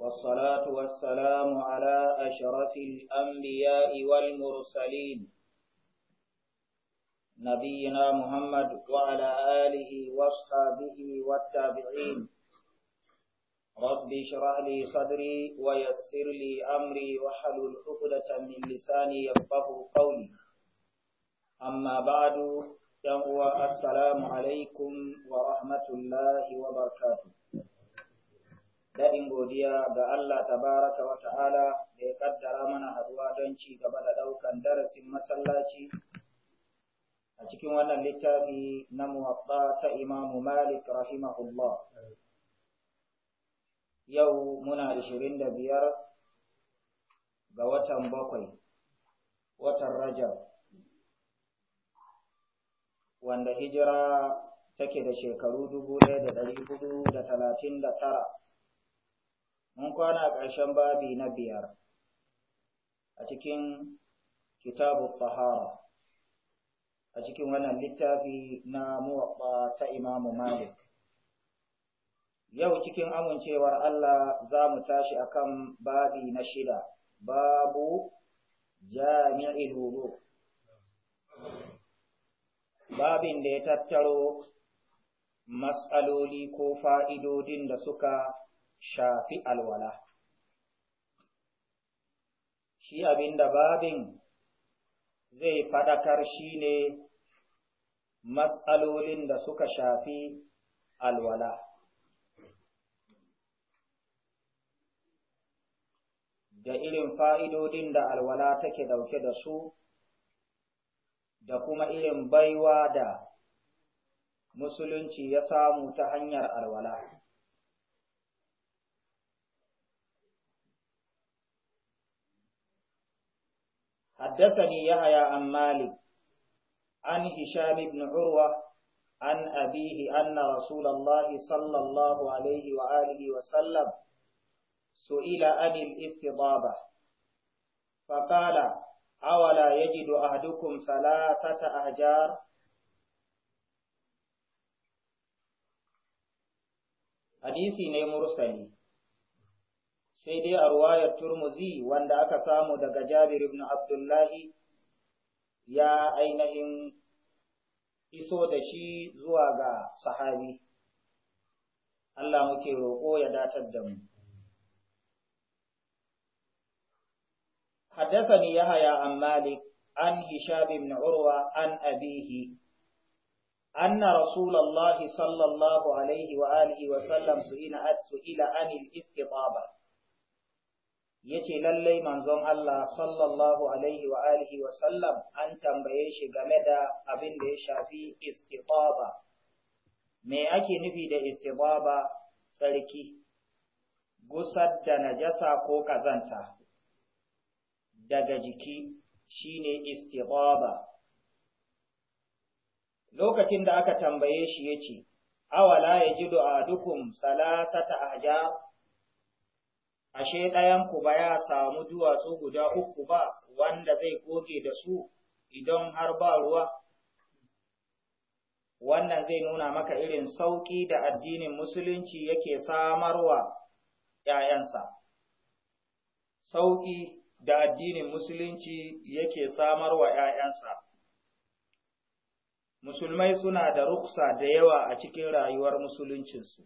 والصلاة والسلام على أشرف الأنبياء والمرسلين نبينا محمد وعلى آله واصحابه والتابعين رب اشرح لي صدري ويسر لي أمري واحلل الحقدة من لساني يفقه قولي أما بعد يهو السلام عليكم ورحمة الله وبركاته daɗin godiya ga Allah tabaraka wa ta'ala da ya kaddara mana haduwa don ci gaba da ɗaukan darasin masallaci a cikin wannan littafi na muwatta ta imamu malik rahimahullah yau muna ashirin da biyar ga watan bakwai watan rajab wanda hijira take da shekaru dubu ɗaya da ɗari hudu da talatin da tara mun kwana ƙarshen babi na biyar a cikin kitabu tahara a cikin wannan littafi na muwaɓa ta imamu malik yau cikin amincewar allah za mu tashi kan babi na shida babu jami'in wudu babin da ya tattaro matsaloli ko fa'idodin da suka shafi alwala shi abin da babin zai faɗakar shi ne matsalolin da suka shafi alwala da irin fa'idodin da alwala take dauke da su da kuma irin baiwa da musulunci ya samu ta hanyar alwala. حدثني يحيى عن مالك عن هشام بن عروة عن أبيه أن رسول الله صلى الله عليه وآله وسلم سئل عن الاستضابة فقال أولا يجد أحدكم ثلاثة أحجار hadisi ne mursali sai dai a ruwayar turmuzi wanda aka samu daga jabir ibn abdullahi ya ainihin iso da shi zuwa ga sahabi Allah muke roƙo ya datar da mu حدثني يحيى عن مالك عن هشام بن عروة عن أبيه أن رسول الله صلى الله عليه وآله وسلم سئل عن الاستطابة yace lallai manzon Allah sallallahu alaihi wa alihi wa sallam an tambaye shi game da abin da ya shafi istibaba me ake nufi da istibaba Sarki? gusar da najasa ko kazanta daga jiki shine istibaba lokacin da aka tambaye shi yace awala yajidu adukum salasata ahjar ashe ɗayanku ba ya samu duwatsu guda uku ba wanda zai goge da su idan har ba ruwa. Wannan zai nuna maka irin sauƙi da addinin Musulunci yake samarwa ‘ya'yansa. Sauƙi da addinin Musulunci yake samarwa ‘ya'yansa. Musulmai suna da ruksa da yawa a cikin rayuwar Musuluncinsu.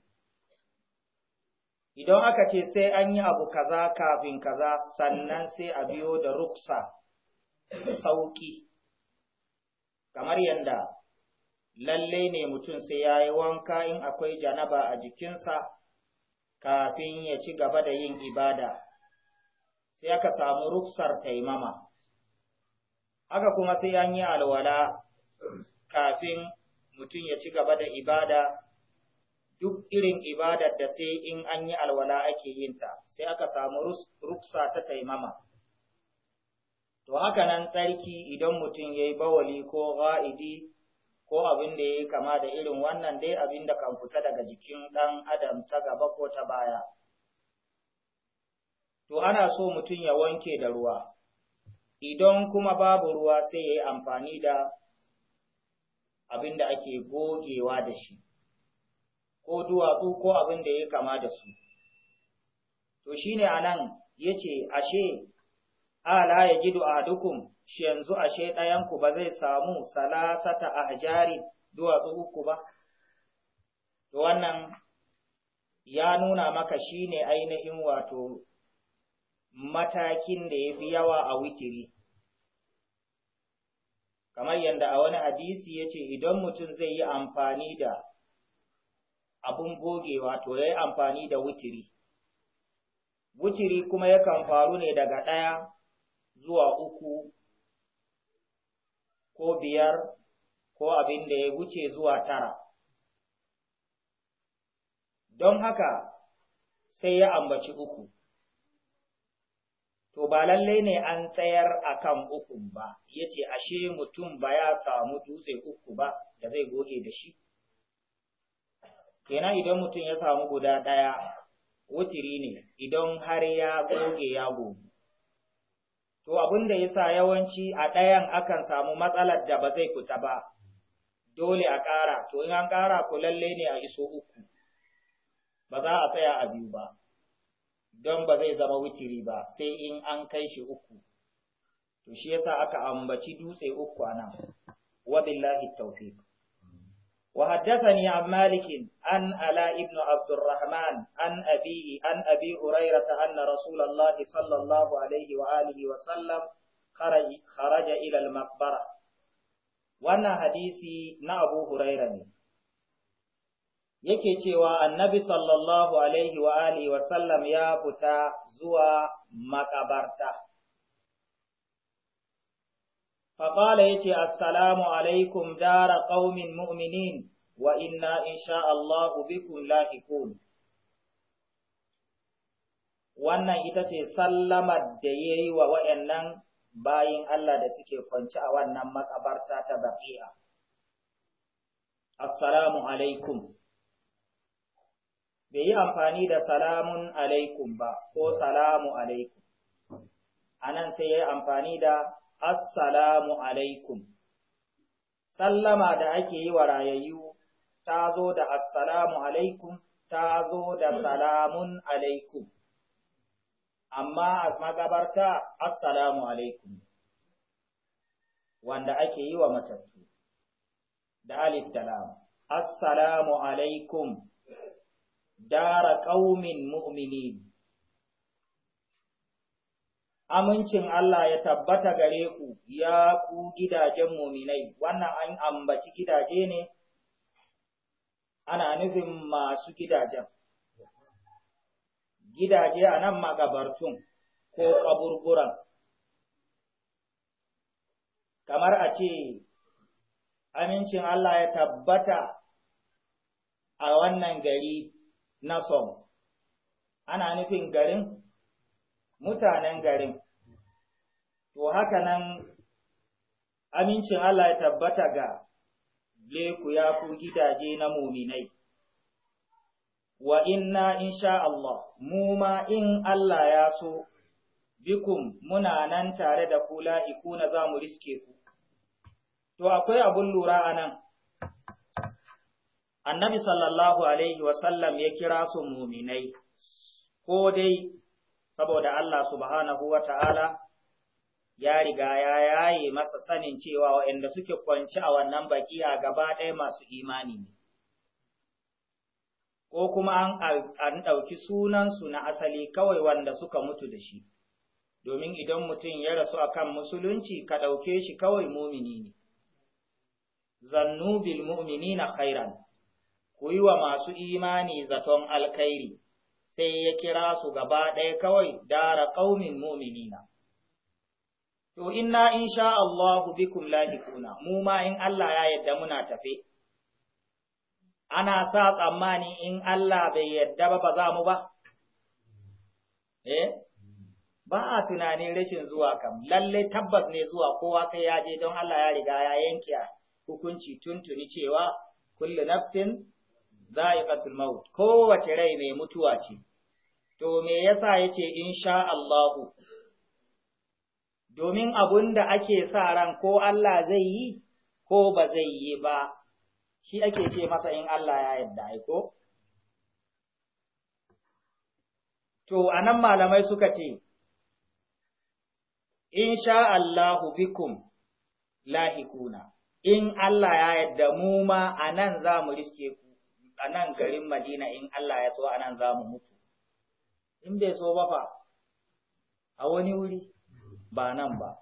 idan aka ce sai an yi abu kaza kafin kaza sannan sai a biyo da ruksa sauki kamar yadda lalle ne mutum sai ya yi wanka in akwai janaba a jikinsa kafin ya ci gaba da yin ibada sai aka samu ruksar taimama haka kuma sai an yi alwala kafin mutum ya ci gaba da ibada duk irin ibadar da sai in an yi alwala ake yin ta sai aka samu ruksa ta taimama to haka nan tsarki idan mutum yayi bawali ko ga'idi ko abin da ya kama da irin wannan dai abin da kan fita daga jikin ɗan adam ta gaba ko ta baya to ana so mutum ya wanke da ruwa idan kuma babu ruwa sai yayi amfani da abin da ake gogewa da shi ko duwatsu ko abin da ya kama da su. To shi ne a nan ya ce, Ashe, ala ya ji a dukun, shi yanzu ashe ɗayanku ba zai samu salasata a jari duwatsu uku ba. To wannan ya nuna maka shi ne ainihin wato matakin da ya fi yawa a witiri. Kamar yadda a wani hadisi ya ce, Idan mutum zai yi amfani da abun bogewa to yayi amfani da wutiri wutiri kuma yakan faru ne daga ɗaya zuwa uku ko biyar ko abin da ya wuce zuwa tara don haka sai ya ambaci uku to ba lallai ne an tsayar a kan ukun ba yace ashe mutum ba ya samu dutse uku ba da zai goge da shi kenan idan mutum ya samu guda ɗaya wutiri ne idan har ya goge ya goge. to abin da yasa yawanci a ɗayan akan samu matsalar da ba zai fita ba dole a ƙara to in an ƙara ku lalle ne a iso uku ba za a tsaya a biyu ba don ba zai zama wutiri ba sai in an kai shi uku to shi yasa aka ambaci dutse uku a nan wa billahi tawfiq وحدثني عن مالك عن علاء بن عبد الرحمن عن أبيه عن أبي هريرة أن رسول الله صلى الله عليه وآله وسلم خرج, خرج إلى المقبرة وأن حديثي نأبو هريرة yake cewa annabi sallallahu alaihi wa alihi wa sallam ya fita zuwa makabarta faƙala ya ce assalamu alaikum dara ƙaumin mu'minin wa inna insha Allahu bikum lahiqun wannan ita ce sallamar da ya yi wa wa'yannan bayin Allah da suke kwanci a wannan makabarta ta baƙi'a. Assalamu alaikum. Bai yi amfani da salamun alaikum ba ko salamu alaikum. A nan sai ya yi amfani da Assalamu alaikum. Sallama da ake yi wa rayayyu ta zo da Assalamu alaikum, ta zo da Salamun alaikum. Amma a magabarta Assalamu alaikum, wanda ake yi wa matattu, da alif dalam. Assalamu alaikum, dara ƙaumin mu'minin. Amincin Allah ya tabbata gare ku ya ku gidajen muminai, wannan an ambaci gidaje ne, ana nufin masu gidajen. Gidaje a nan magabartun ko kaburburan, kamar a ce, Amincin Allah ya tabbata a wannan gari na Som, ana nufin garin mutanen garin. To haka nan amincin Allah ya tabbata ga leku ya ku gidaje na muminai. Wa inna insha Allah, mu ma in Allah ya so, bikum muna nan tare da kula na za mu riske ku. To akwai abun lura a nan, annabi sallallahu Alaihi wasallam ya kira su muminai, ko dai saboda Allah subhanahu wa ta'ala ya riga ya yaye masa sanin cewa waɗanda suke kwanci a wannan a gaba ɗaya masu imani ne. Ko kuma an ɗauki sunansu na asali kawai wanda suka mutu da shi, domin idan mutum ya rasu akan musulunci ka ɗauke shi kawai mumini ne. Zannu bil mu'minina khairan, ku yi wa masu imani zaton alkhairi. sai ya kira su gaba ɗaya kawai dara ƙaumin muminina. To inna in sha Allahu bikum lahikuna, mu ma in Allah ya yadda muna tafe. Ana sa tsammani in Allah bai yadda ba ba za mu ba? Eh? Ba a tunanin rashin zuwa kam, lalle tabbas ne zuwa kowa sai ya je don Allah ya riga ya yanke hukunci tuntuni cewa kullu nafsin za'iqatul maut kowace rai mai mutuwa ce to me yasa yace insha Allahu domin abun da ake sa ran ko Allah zai yi ko ba zai yi ba shi ake ce masa in Allah ya yarda ai ko to anan malamai suka ce insha Allahu bikum lahikuna in Allah ya yarda mu ma anan za mu riske ku anan garin Madina in Allah ya so anan za mu mutu in bai so ba fa a wani wuri ba nan ba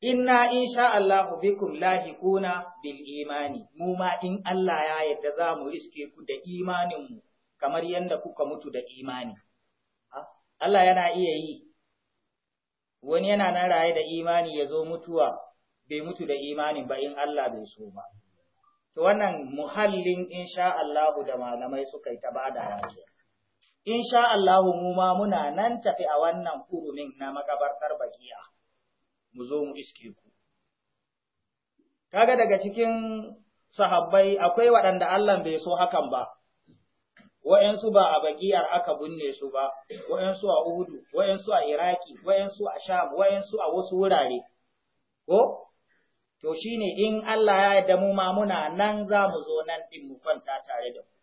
inna insha Allahu bikum lahiquna bil imani mu ma in Allah ya yarda za mu riske ku da imanin mu kamar yadda kuka mutu da imani ah, Allah yana iya yi wani yana nan raye da imani ya zo mutuwa bai mutu da imani ba in Allah bai so ba to wannan muhallin insha Allahu da malamai suka yi ta bada rayuwa In sha Allahu mu ma muna nan tafi a wannan kurumin na makabartar bakiya mu zo mu iske ku kaga daga cikin sahabbai akwai waɗanda Allah bai so hakan ba wa'yansu ba a baƙiyar aka bunne su ba wa'yansu a Uhudu wa'yansu a Iraki wa'yansu a Sham wa'yansu a wasu wurare ko to shine in Allah ya yarda mu ma muna nan za mu zo nan din mu kwanta tare da ku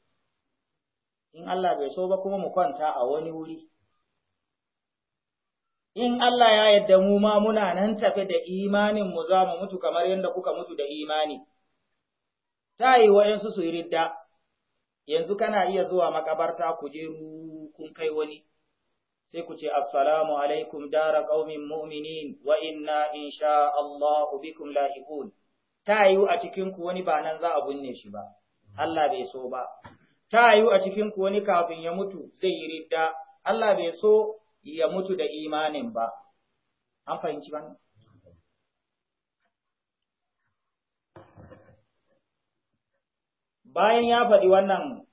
in Allah bai so ba kuma mu kwanta a wani wuri. In Allah ya yadda mu ma muna nan tafe da imanin mu za mu mutu kamar yadda kuka mutu da imani. Ta yi wa'yansu su yi ridda, yanzu kana iya zuwa makabarta ku je kun kai wani, sai ku ce, Assalamu alaikum dara ƙaumin mu'minin wa inna in sha Allah bikum lahiqun. Ta yi a cikinku wani ba nan za a binne shi ba, Allah bai so ba. ta yiwu a cikin ku wani kafin ya mutu zai yi ridda Allah bai so ya mutu da imanin ba an fahimci ba bayan ya faɗi wannan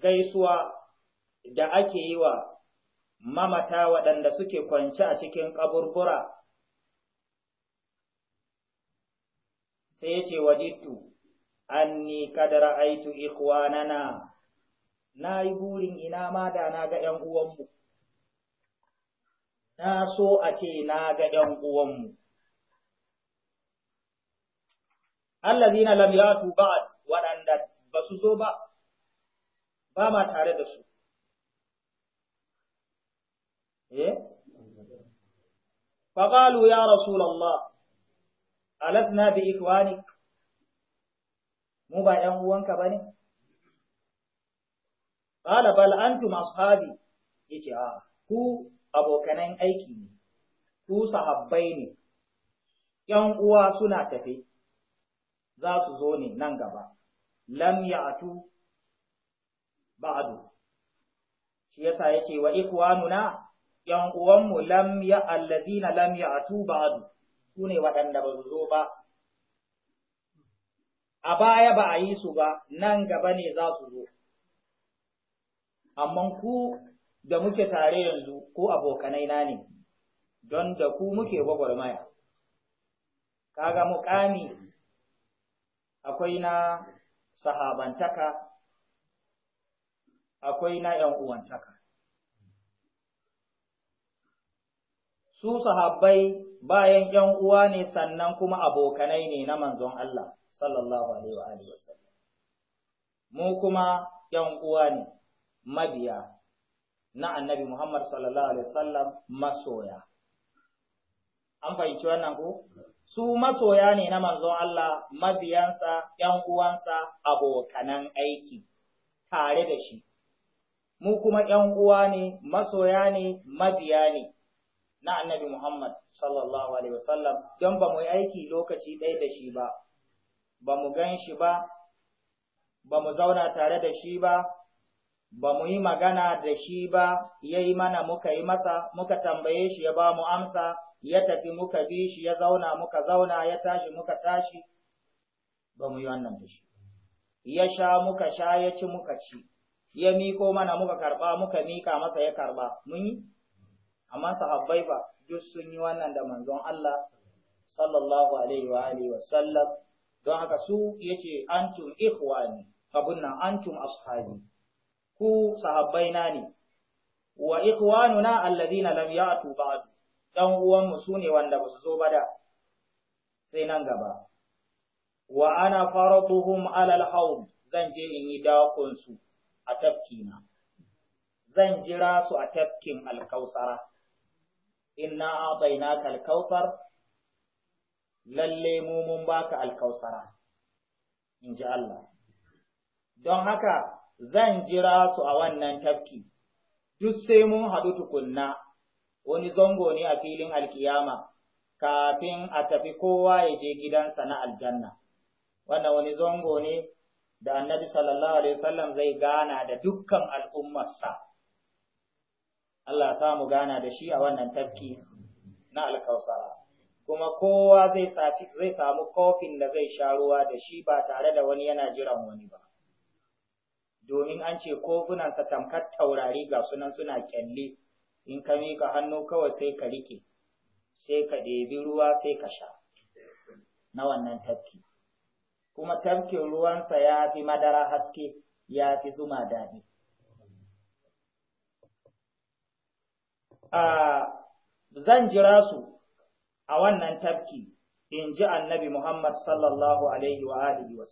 gaisuwa da ake yi wa mamata waɗanda suke kwance a cikin ƙaburbura sai ya ce wajittu anni kadara aitu ikwanana na yi burin ina ma da na ga ‘yan uwanmu, na so a ce na ga ‘yan uwanmu. Allazi na lamyatu ba waɗanda ba su zo ba, ba ma tare da su. Eh? Faƙalu ya Rasulallah, alatna bi ikwanik, mu ba ƴan uwanka ba ne? Ƙala bal antum ashabi yace a ku abokanan aiki ne ku sahabbai ne yan uwa suna tafe za su zo ne nan gaba lam ya'tu ba'du shi yasa yace wa ikwanuna yan uwanmu lam ya alladina lam ya'tu ba'du ne waɗanda ba zo ba a baya ba a yi su ba nan gaba ne za su zo amma ku da muke tare yanzu ko abokanai na ne don da ku muke gwagwarmaya kaga muƙami akwai na sahabantaka akwai na ‘yan uwantaka. Su sahabbai bayan ‘yan uwa ne sannan kuma abokanai ne na manzon Allah, sallallahu Alaihi wa Mu kuma ‘yan uwa ne. mabiya na annabi Muhammad sallallahu alaihi wasallam masoya. An fahimci wannan ko? Su masoya ne na manzon Allah mabiyansa, ‘yan uwansa, abokanan aiki tare da shi. Mu kuma ‘yan uwa ne, masoya ne, mabiya ne na annabi Muhammad sallallahu alaihi wasallam don ba mu yi aiki lokaci ɗaya da shi ba, ba mu gan shi ba, ba mu zauna tare da shi ba, ba mu yi magana da shi ba ya yi mana muka yi masa muka tambaye shi ya ba mu amsa ya tafi muka bi shi ya zauna muka zauna ya tashi muka tashi ba mu yi wannan da shi ya sha muka sha ya ci muka ci ya miko mana muka karba muka mika masa ya karba mun yi amma sahabbai ba duk sun yi wannan da manzon Allah sallallahu alaihi wa alihi wa sallam don haka su yace antum ikhwani abunna antum ashabi ku sahabbaina ne wa ikhwanuna alladhina lam ya'tu ba'd dan uwan mu sune wanda ba su zo ba da sai nan gaba wa ana faraduhum ala alhawd zan je in yi dakon su a tafkina zan jira su a tafkin alkausara inna a'tainaka alkausar lalle mu mun baka alkausara in ji Allah don haka zan jira su a wannan tafki, duk sai mun haɗu tukunna, wani zango ne a filin alkiyama, kafin a tafi kowa ya je gidansa na aljanna. Wannan wani zango ne da annabi sallallahu Alaihi wasallam zai gana da dukkan al'ummarsa. Allah ta mu gana da shi a wannan tafki na alkausara. kuma kowa zai samu kofin da zai sha ruwa da shi ba tare da wani yana jiran wani ba. domin an ce kofunansa tamkar taurari ga sunan suna kyalle in ka miƙa hannu kawai sai ka rike sai ka ɗebi ruwa sai ka sha na wannan tafki kuma tafkin ruwansa ya fi madara haske ya fi zuma daɗi ah, zan jira su a wannan tafki in ji annabi Muhammad sallallahu alaihi wa alihi wa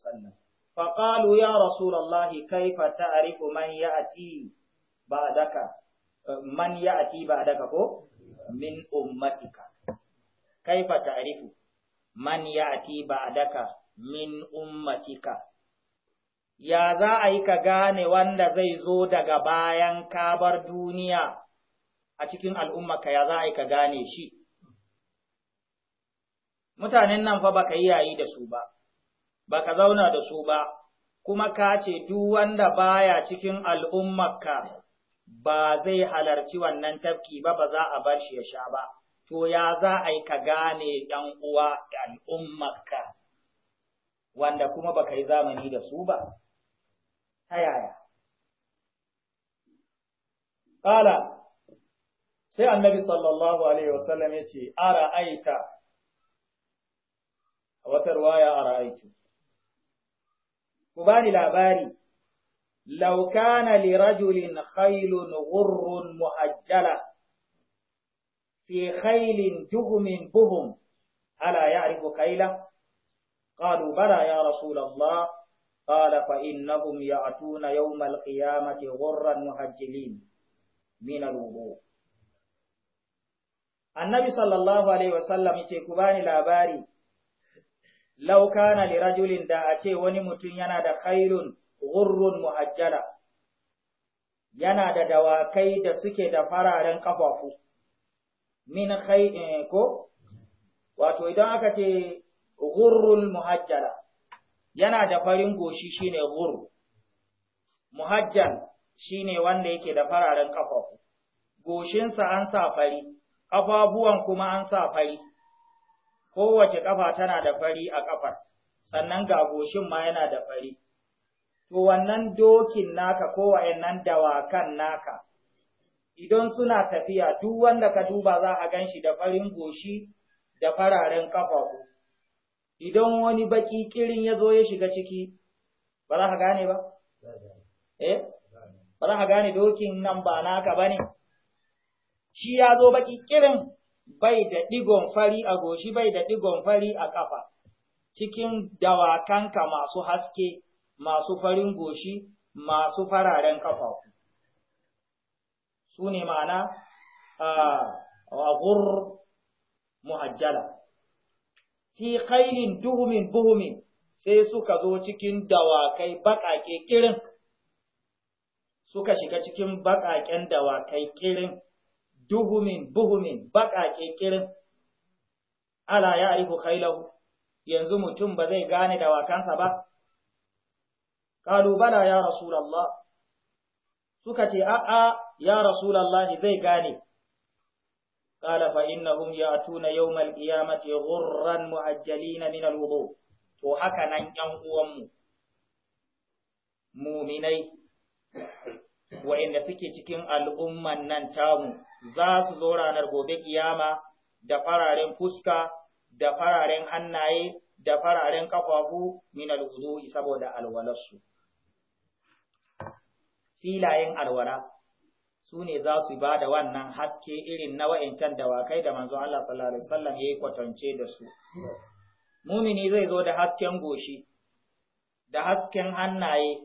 فقالوا ya رسول الله كيف تعرف من يأتي بعدك من يأتي بعدك من أمتك ya za a yi ka gane wanda zai zo daga bayan kabar duniya a cikin al'ummarka ya za a yi ka gane shi mutanen nan fa baka yi yayi da su ba baka zauna da su ba kuma ka ce duk wanda baya cikin al'ummarka ba zai halarci wannan tafki ba ba za a bar shi ya sha ba to ya za a yi ka gane ɗan uwa da al'ummarka wanda kuma baka yi zamani da su ba ta yaya ƙala sai annabi sallallahu alaihi wasallam ya ce ara aita a wata ara aiki كباني لاباري لو كان لرجل خيل غر مهجلة في خيل جهم بهم ألا يعرف خيلة قالوا بلى يا رسول الله قال فإنهم يأتون يوم القيامة غرا مهجلين من الوضوء النبي صلى الله عليه وسلم يقول كباني لاباري law kana li rajulin da a ce wani mutum yana da khailun ghurrun muhajjala yana da dawakai da suke da fararen kafafu min khay eh, ko wato idan aka ce ghurrul muhajjala yana da farin goshi shi shine ghurr muhajjal ne wanda yake da fararen kafafu goshinsa an sa fari kafafuwan kuma an sa fari kowace ƙafa tana da fari a ƙafar, sannan ga goshin ma yana da fari. To wannan dokin naka ko wa'yannan dawakan naka, idan suna tafiya duk wanda ka duba za a gan shi da farin goshi da fararen ƙafafu. Idan wani baƙi kirin ya zo ya shiga ciki, ba za ka gane ba? Eh? Ba za ka gane dokin nan ba naka ba ne? Shi ya zo baƙi kirin bai da ɗigon fari a goshi bai da ɗigon fari a ƙafa, cikin dawakanka masu haske, masu farin goshi, masu fararen ƙafa Su ne ma'ana a gur muhajjala. Fi khailin duhumin buhumin sai suka zo cikin dawakai baƙaƙe kirin, suka shiga cikin baƙaƙen dawakai kirin. duhumin buhumin baƙaƙe kirin ala ya arifu khailahu yanzu mutum ba zai gane dawakansa ba kalubala ya rasulallah suka ce a'a ya rasulallah zai gane قال فإنهم يأتون يوم القيامة غرا مؤجلين من الوضوء وهكذا ينقوم مؤمنين wa'inda suke cikin al'umman nan tamu za su zo ranar gobe kiyama da fararen fuska da fararen hannaye da fararen kafafu min alwudu'i saboda alwalarsu filayen alwara su ne za su ba da wannan haske irin na wa'incan dawakai da manzo Allah sallallahu alaihi ya yi kwatance da su mumini zai zo da hasken goshi da hasken hannaye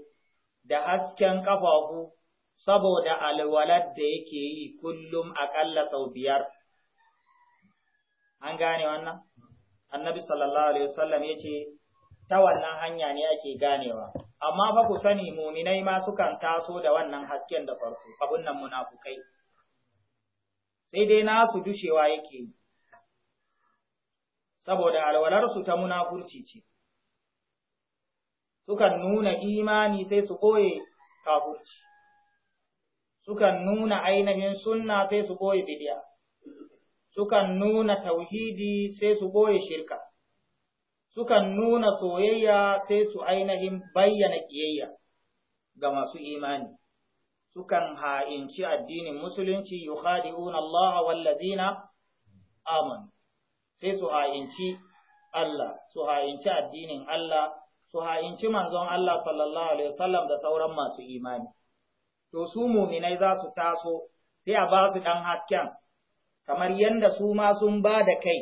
da hasken kafafu saboda alwalar da yake yi kullum aƙalla sau biyar. An gane wannan? Annabi sallallahu Alaihi wasallam ya ce, ta wannan hanya ne ake ganewa, amma fa ku sani muminai ma sukan taso da wannan hasken da farko, abun nan munafukai. Sai dai nasu dushewa yake yi, saboda alwalarsu ta munafurci ce. Sukan nuna imani sai su ɓoye kafurci. sukan nuna ainihin sunna sai su boye bidiya sukan nuna tauhidi sai su boye shirka sukan nuna soyayya sai su ainihin bayyana ƙiyayya ga masu imani sukan ha'inci addinin musulunci yukhadi'una Allah wallazina amanu sai su ha'inci Allah su ha'inci addinin Allah su ha'inci manzon Allah sallallahu alaihi wasallam da sauran masu imani to su muminai za su taso sai a ba su ɗan hasken, kamar yadda su ma sun ba da kai,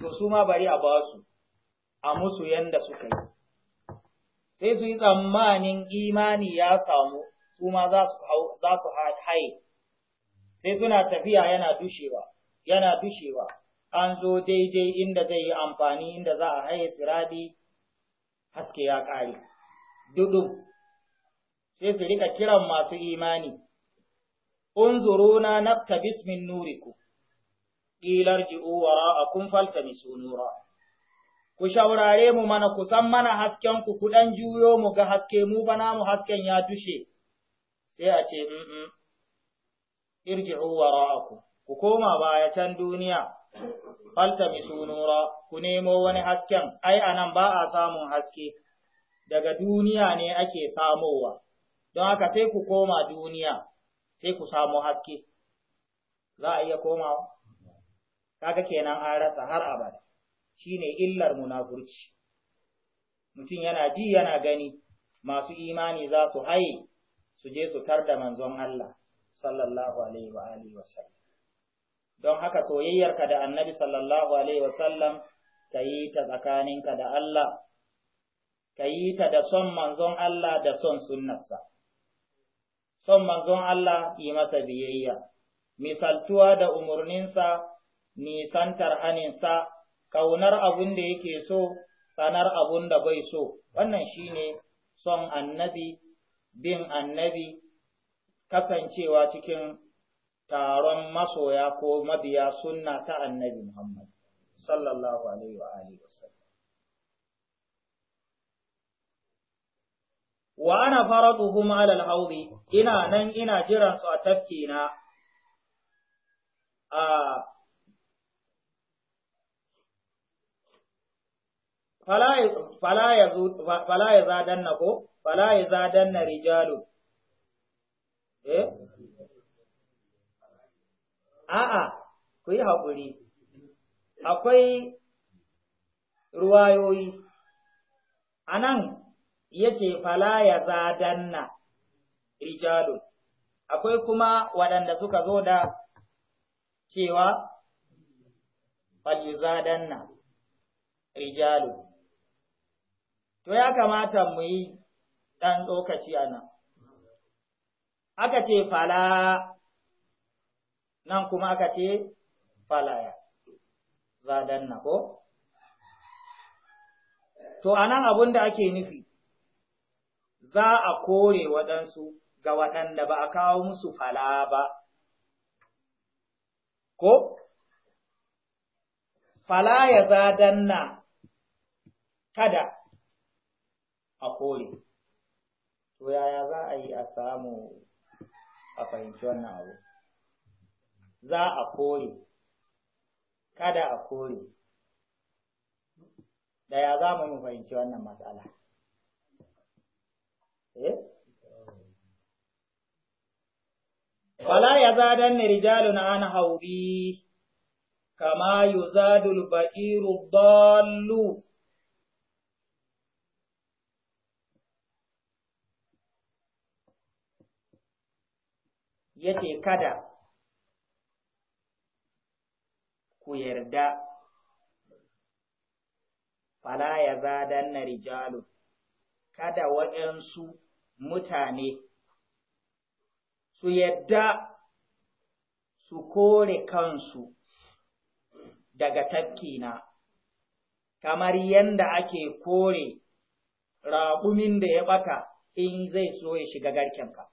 to su ma bari a ba su, a musu yadda suka yi. Sai su yi tsammanin imani ya samu, su ma za su haye, sai suna tafiya yana dushewa, yana dushewa, an zo daidai inda zai yi amfani inda za a haye siradi haske ya ƙare. Dudu sai su rika kiran masu imani, unzuruna naftabis min nuriku, ƙilar wa a kun faltamisu nura. Ku shaurare mu mana kusan mana hasken ku kuɗan juyo mu ga haske mu bana mu hasken ya dushe, sai a ce, irji'u ra’a ku koma baya can duniya faltamisu nura ku nemo wani hasken ai anan ba a samun haske daga duniya ne ake samowa don haka sai ku koma duniya sai ku samu haske za a iya komawa kaga kenan an rasa har abada shine illar munafurci mutum yana ji yana gani masu imani za su haye su je su tar da manzon Allah sallallahu alaihi wa wa don haka soyayyarka da annabi sallallahu alaihi wa sallam yi ta tsakaninka da Allah ka yi ta da son manzon Allah da son sunnarsa son manzon Allah yi masa biyayya, misaltuwa da umarninsa, nisantar haninsa, ƙaunar abin da yake so, tsanar abin da bai so, wannan shi ne son annabi, bin annabi, kasancewa cikin taron masoya ko mabiya sunna ta annabi Muhammad, sallallahu Alaihi wa wa ana fara ala al-hawdi ina nan ina jiran su a tafki na a fala ya fala na zadanna ko fala ya na rijalu eh a'a ku yi haƙuri akwai ruwayoyi a nan. yace fala ya zadanna rijalun akwai kuma waɗanda suka zo da cewa zadanna rijalun to ya kamata mu yi ɗan lokaci a nan aka ce fala nan kuma aka ce falaya zadanna ko to anan abin da ake nufi za a kore waɗansu ga waɗanda ba a kawo musu fala ba. Ko? Fala ya danna kada a kore. To yaya za a yi a samu a fahimci wannan abu? Za a kore, kada a kore. Da ya za mu fahimci wannan matsala? Eh? Fala ya zadan ni rijalun an hauri, kama yu zadul ba'iru dallu. ce, kada ku yarda, fala ya zadan na rijalun, kada waɗansu mutane su yadda su kore kansu daga tafkina, kamar yadda ake kore raƙumin da ya ɓata in zai so ya shiga garkenka.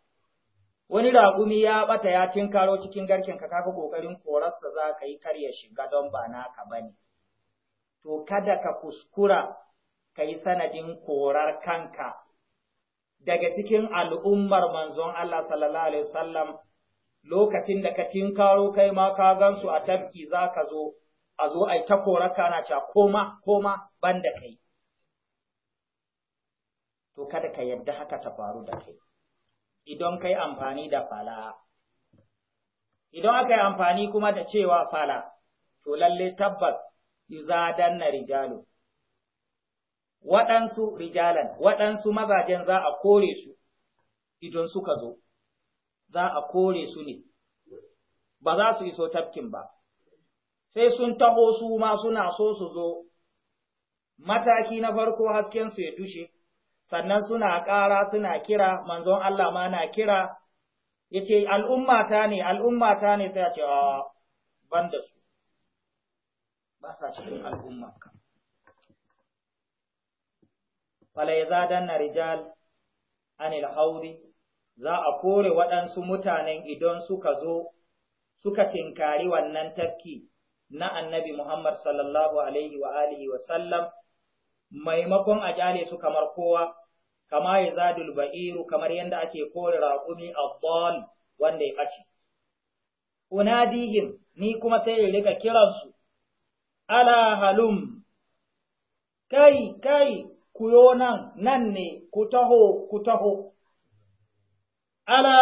Wani raƙumi ya ɓata ya tinkaro cikin garkenka kaga ƙoƙarin korarsa za ka yi kar ya shiga don ba naka ba ne. To kada ka kuskura ka yi sanadin korar kanka daga cikin al'ummar manzon Allah sallallahu Alaihi wasallam lokacin da ka tinkaro kai ma ka gansu a Tarki za ka zo, a zo ai ta koraka na cewa koma, koma ban da kai. To kada ka yarda haka ta faru da kai, idan kai amfani da fala. Idan aka yi amfani kuma da cewa fala, to lalle tabbas yuzadan na rijalu, waɗansu rijalan waɗansu mazajen za a kore su idan suka zo za a kore su ne ba za su iso tafkin ba sai sun taho su ma suna so su zo mataki na farko hasken su ya dushe sannan suna ƙara suna kira manzon Allah ma na kira ya ce al'ummata ne al'ummata ne sai a ce su ba sa cikin al'ummarka fala rijal anil haudi za a kore waɗansu mutanen idan suka zo suka tinkari wannan tafki na annabi Muhammad sallallahu alaihi wa alihi wa sallam maimakon a su kamar kowa kama ya ba'iru kamar yadda ake kore raƙumi abdal wanda ya ɓace. Unadihim ni kuma sai ya rika kiransu, ala halum, kai, kai, ku yo nan nan ne ku taho ku taho ala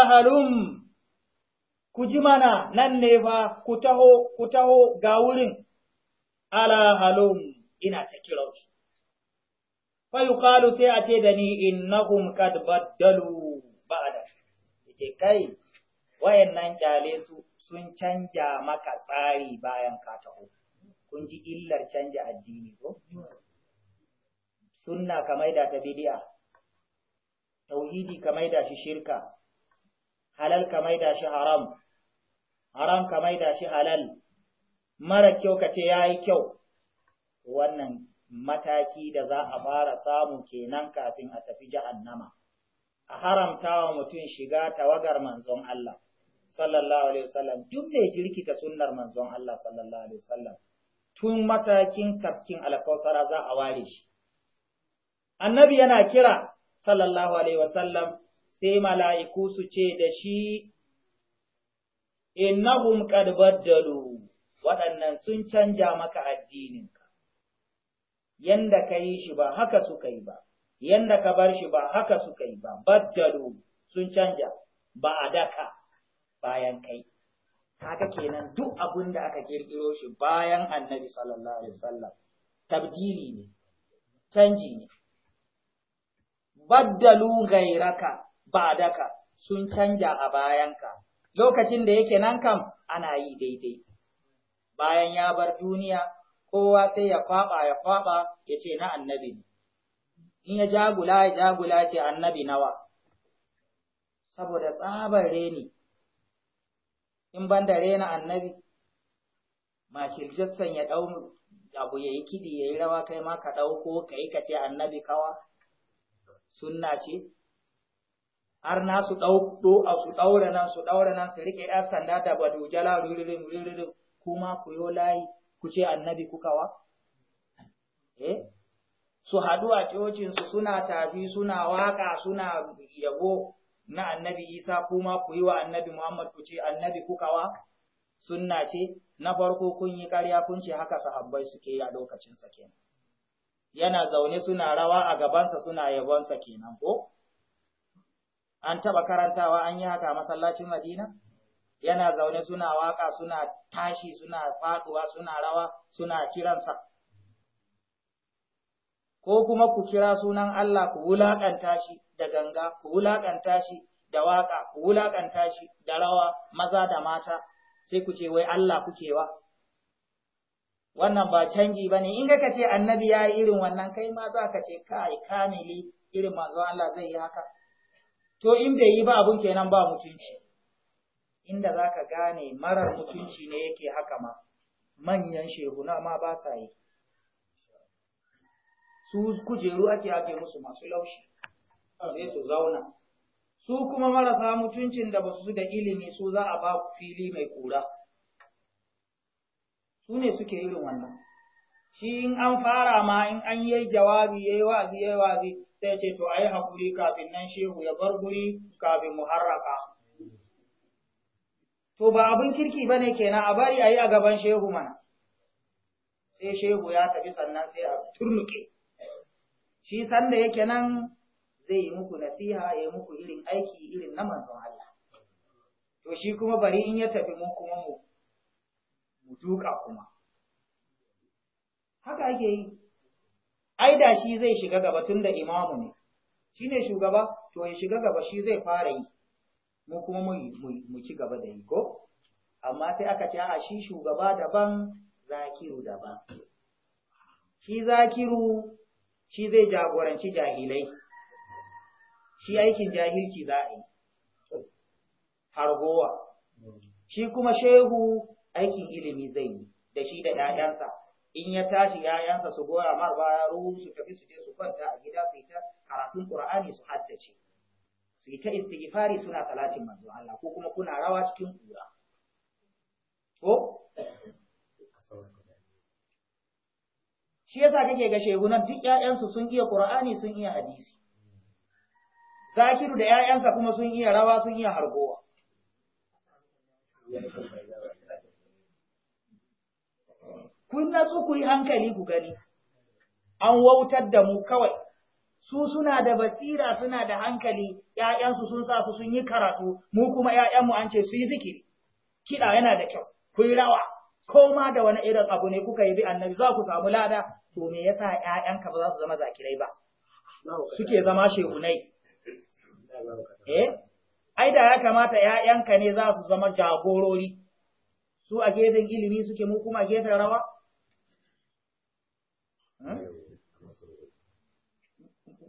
ku ji mana nan ne fa ku taho ku taho ga wurin ala halum ina ta kira su fa yuqalu sai a ce da ni innahum qad baddalu ba'da yace kai wayannan kyale su sun canja maka tsari bayan ka taho kun ji illar canja addini ko sunna ka maida ta bidi'a tauhidi ka maida shi shirka halal ka maida shi haram haram ka maida shi halal mara kyau ka ce yayi kyau wannan mataki da za a fara samu kenan kafin a tafi jahannama a haramta wa mutum shiga tawagar manzon Allah sallallahu alaihi wasallam duk da jirkita sunnar manzon Allah sallallahu alaihi wasallam tun matakin kafkin alkausara za a ware shi annabi yana kira sallallahu alaihi wasallam sai mala'iku su ce da shi innahum qad baddalu waɗannan sun canja maka addininka yanda ka yi shi ba haka suka yi ba yanda ka bar shi ba haka suka yi ba baddalu sun canja ba a daka bayan kai kaga kenan duk abin da aka kirkiro shi bayan annabi sallallahu alaihi wasallam tabdili ne canji ne baddalu gairaka ba'daka sun canja a bayanka lokacin da yake nan kam ana yi daidai bayan ya bar duniya kowa sai ya kwaba ya kwaba ya ce na annabi in ya jagula ya jagula ce annabi nawa saboda tsabar reni in ban da rena annabi Michael Jackson ya dau abu ya yi kiɗi ya yi rawa kai ma ka ɗauko ka yi ka ce annabi kawa sunna ce har na su ɗauko a su ɗaura nan su ɗaura nan su riƙe ‘yar sanda da ba jala ruririn ruririn kuma ku yo layi ku ce annabi wa? Eh? Su haɗu a cocinsu suna tafi suna waƙa suna yabo na annabi Isa kuma ku yi wa annabi Muhammad ku ce annabi wa? Sunna ce, na farko kun yi ƙarya kun ce haka sahabbai suke yi a lokacin sa kenan. yana zaune suna rawa a gabansa suna yabonsa kenan ko? An taɓa karantawa an yi haka masallacin Madina? Yana zaune suna waka suna tashi suna faɗuwa suna rawa suna kiransa. Ko kuma ku kira sunan Allah ku wulaƙanta shi da ganga, ku wulaƙanta shi da waka, ku wulaƙanta shi da rawa maza da mata, sai ku ce wai Allah kuke wa. wannan ba canji ba ne. in ka ce annabi ya yi irin wannan kai ma za ka ce kai kamili irin manzo Allah zai yi haka to in bai yi ba abun kenan ba mutunci inda za ka gane marar mutunci ne yake haka ma manyan shehuna ma ba sa yi su kujeru ake ake musu masu laushi sai su zauna su kuma marasa mutuncin da ba su da ilimi su za a ba fili mai kura su ne suke irin wannan shi in an fara ma in an yi jawabi 'Yi wazi yi wazi sai ce to a yi hakuri kafin nan shehu ya bar guri kafin muharraka to ba abin kirki ba ne kenan a bari a yi a gaban shehu mana sai shehu ya tafi sannan sai a turnuke shi sanda yake nan zai yi muku nasiha ya yi muku irin aiki irin na manzon Allah to shi kuma bari in ya tafi mu kuma mu mu duka kuma haka ake yi ai da shi zai shiga gaba tun da imamu ne shi ne shugaba to ya shiga gaba shi zai fara yi mu kuma mu ci gaba da yi ko amma sai aka ce a shi shugaba daban zakiru daban shi zakiru shi zai jagoranci jahilai shi aikin jahilci za a yi hargowa shi kuma shehu aikin ilimi zai yi da shi da 'ya'yansa in ya tashi 'ya'yansa su goya mar baya ruhu su tafi su je su kwanta a gida su yi ta karatun Qur'ani su haddace su yi ta istighfari suna salatin manzo Allah ko kuma kuna rawa cikin kura ko shi yasa kake ga shehunan duk ƴaƴansu sun iya Qur'ani sun iya hadisi Zakiru da ƴaƴansa kuma sun iya rawa sun iya hargowa kun natsu ku yi hankali ku gani an wautar da mu kawai su suna da basira suna da hankali ‘ya'yansu sun sa su sun yi karatu mu kuma ‘ya'yanmu an ce su yi zikiri kiɗa yana da kyau ku yi rawa ko ma da wani irin abu ne kuka yi bi annabi za ku samu lada to me yasa ‘ya'yanka ba za su zama zakirai ba suke zama shehunai eh ai da ya kamata ‘ya'yanka ne za su zama jagorori su a gefen ilimi suke mu kuma gefen rawa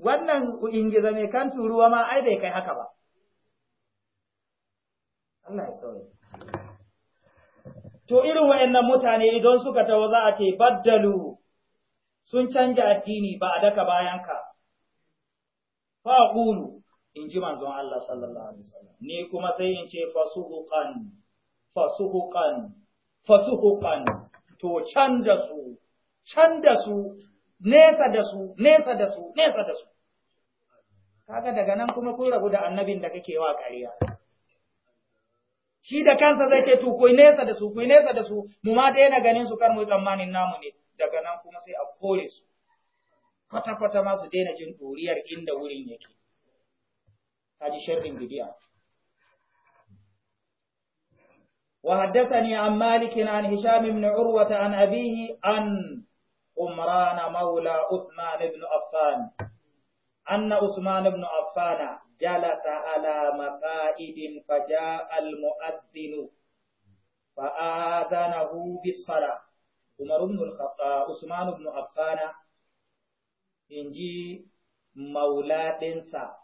wannan ingiza mai kan turuwa ma ai bai kai haka ba Allah ya sauya to irin wa'annan mutane idan suka tawo za a ce baddalu sun canja addini ba a daka bayanka fa qulu in ji manzon Allah sallallahu alaihi wasallam ni kuma sai in ce fasuhuqan fasuhuqan fasuhuqan to can su can su nesa da su nesa da su nesa da su kaga daga nan kuma kun rabu da annabin da kake wa ƙarya shi da kansa zai ce to ku nesa da su ku nesa da su mu ma daina ganin su kar mu tsammanin namu ne daga nan kuma sai a kore su kwata kwata ma su daina jin ɗoriyar inda wurin yake kaji sharrin bidiya وحدثني عن مالك عن هشام بن عروة عن أبيه عن عمران مولى عثمان بن أفان أن عثمان بن عفان جلس على مقائد فجاء المؤذن فآذنه بالصلاة عمر بن الخطاب عثمان بن عفان inji maula ɗinsa